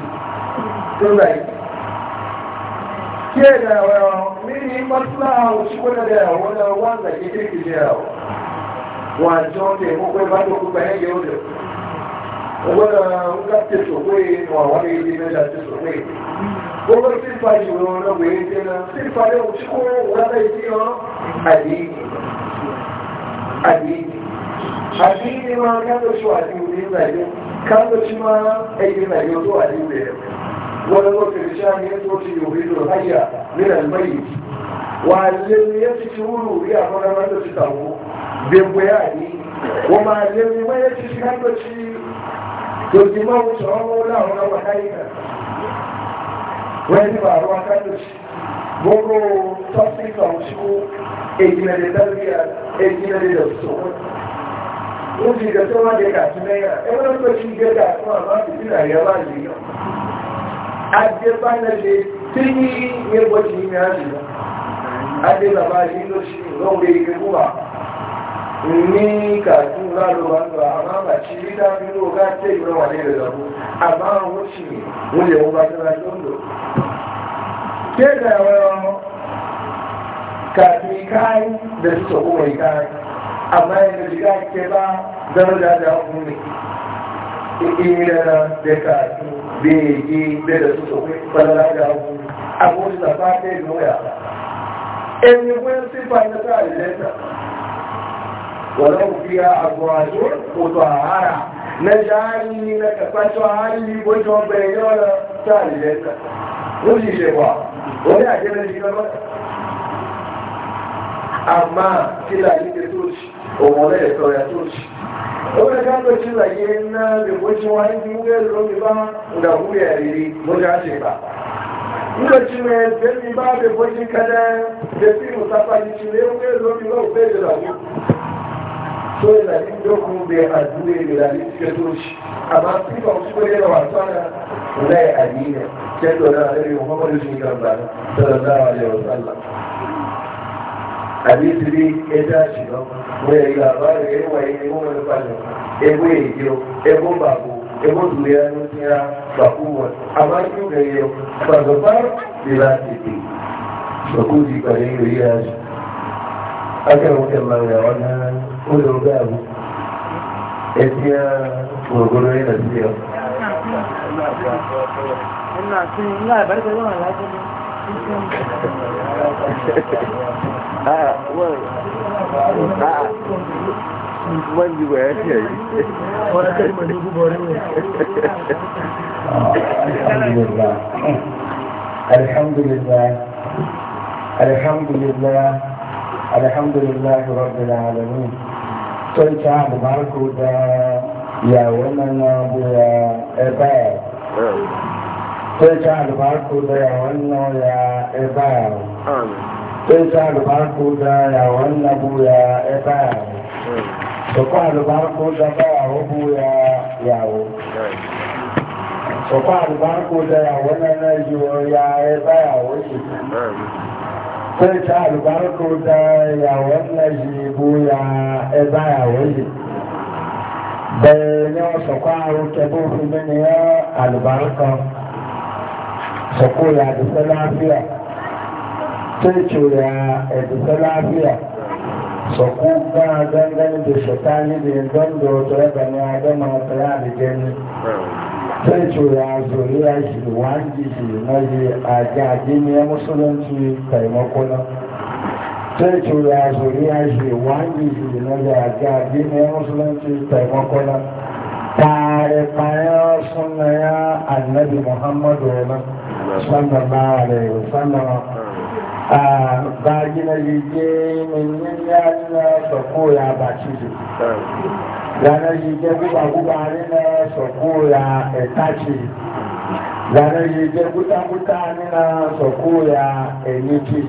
to zaki ke da mini masla shi wanda da wanda wanda ke kirki da yawa wajen da ya mukwai ba da kuma yau da wanda nga te sokwe wa wani yi na da te sokwe gbogbo ti fa jùlọ na wèé jẹ na ti fa lé o ti kó wúlọ́dà yìí yọ àdìyí àdìyí àdìyí ni máa kájọ sọ àdìyí ní nàìjọ kájọ tí máa ẹyẹ nàìjọ tó àdìyí rẹ wọn lọ fèrè sí àyè tó ti yòwé lọ láyà nínú àlùmọ́ yìí wà á ní ẹ ti ti wúlò rí àfọlẹ́mọ́ tó ti tàwọn bẹ́ẹ̀ bóyá wọ́n máa lé ní wáyé ti ti Dozimau tunaona unawadaika wẹ́n bá àwọn akádòsí gbogbo tọ́síkà òṣìkú èjìlẹ̀lẹ̀ dárúbíà èjìlẹ̀lẹ̀ òṣìṣọ́wọ́ ó ti jẹ́ tó wájẹ́ kàtí mẹ́yà ẹgbẹ́ tó ti jẹ́ kàtún àwọn àbìsí àyàwó àyíyọ adébánẹ́lẹ̀ tí ní ẹgbọ́ ti ní àyíyọ adébàbá yìí ló ṣe lọ́wọ́ ní kàtú lálùbá ń lọ àmọ́ àbàtì rídá nínú ọgá tẹ́ ìlú wà ní ìrẹ̀lẹ̀ ọ̀hún àmọ́ àwọn òṣì wọ́n lè wọ́n bá tẹ́lá tó ń lò. kéèkà ẹ̀rọ ọmọ kàtú ìkáyí bẹ̀rù sọ̀kú wọ̀ ìkáyí àmọ́ ẹni ìdíkà kẹfà bẹ̀rù dáadáa ọkùnrin ìrìnà dẹ̀ka bèèjì bẹ̀rẹ̀ sọ̀kú pẹ̀lú dáadáa ọkùnrin àbúrò sàfáà tẹ́ ìlú wẹ̀ àbá ẹni wọ́n sì fà ولو فيها أزواج مطهرة نجعل لك فتعلي وجه بيننا ثالثا وجه شيخوا ولا أجل الجنة أما كلا يدرس ومولا يدرس Ọjọ́ ìjọba ti láyé náà lè bó tí wọ́n ń mú ẹ̀rọ lórí bá ìdàgbò ẹ̀rí lórí àṣẹ́gbà. Ìjọba ẹgbẹ́ mi bá lè bó tí kẹ́lẹ́ lè fi ìrùsáfà ní ṣe lé ó pé lórí lọ́wọ́ pé ìdàgbò so yana yin doku bai addini ne da ni suke so shi amma su ba su kone da wasu ana lai addini ke dole a ɗari muhammadu shi kan ba sallallahu alaihi wasallam hadisi ne ya tashi ba wani labarin ya yi waye ne mu wani falo ebo ya yi ebo babu ebo duniya ne su ya baku wani amma shi ga yi ba gabar da za su yi ba ku ji kwanin yi ya shi akan wutan mara wannan kullum ga abu ya fiya gurguru yana siya wọ́n ju ẹ̀ ṣe yìí. wọ́n ṣe ìmọ̀ ìlú bọ̀rẹ̀ wẹ̀. alhamdulillah alhamdulillah alhamdulillah alhamdulillah rabbil alamin kọ́ńtà àbùbáríkò da ìyàwó nínú bóyá ẹ̀bá ẹ̀ kọ́ńtà àbùbáríkò da ìyàwó nínú ya ẹ̀bá ẹ̀ kọ́ńtà àbùbáríkò da ìyàwó nínú bóyá ẹ̀bá ẹ̀ sọ̀kọ́ àbùbáríkò da báyàwó bóyá ìyàwó sọ̀kọ́ àbùbáríkò da ìyàwó nínú ya ẹ̀bá ẹ̀ sai ta albarko da yawon na jibu ya eba yawon yi bayan yawon sako a wuce bufi mini ya albarka sako ya dusa lafiya sai ce ya dusa lafiya sako ba gangan da shekani da don da wata ya gani ya gama ta ya da gani cewa zuriya shi wani shi maje a jajin ya musulunci taimakona sai cewa zuriya shi wani shi maje a jajin ya musulunci taimakona tare bayan suna ya annabi muhammadu ah, na sallallahu alaihi wasallam a bagina yi je min yin yana sako ya baci shi lana yi jẹ́ kúta kúta nínú sọ̀kú ya ẹ̀tàkì lana yi jẹ́ kúta kúta nínú sọ̀kú ya ẹ̀yìnkì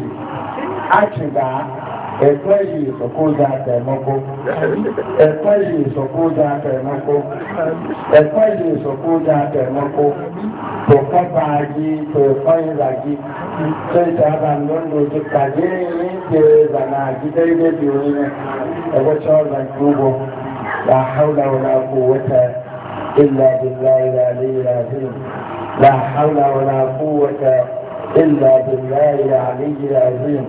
àtìgbà ẹ̀kọ́ yìí sọ̀kú ya tẹ̀mọ́kó ẹ̀kọ́ yìí sọ̀kú ya tẹ̀mọ́kó ẹ̀kọ́ yìí sọ̀kú ya tẹ̀mọ́kó tó kọ́ba yìí tó ẹ̀kọ́ yìí là yìí tó ìjà bá ń lọ́nà ojú kàdé yìí ń tẹ̀ ẹ̀ zànà àjídẹ́ ilé ìdìrí ẹ̀wọ́ tí wọ́n là لا حول ولا قوة إلا بالله العلي العظيم لا حول ولا قوة إلا بالله العلي العظيم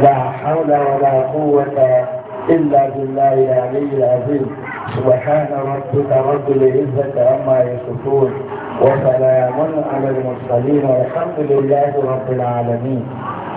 لا حول ولا قوة إلا بالله العلي العظيم سبحان ربك رب العزة عما يصفون وسلام على المرسلين والحمد لله رب العالمين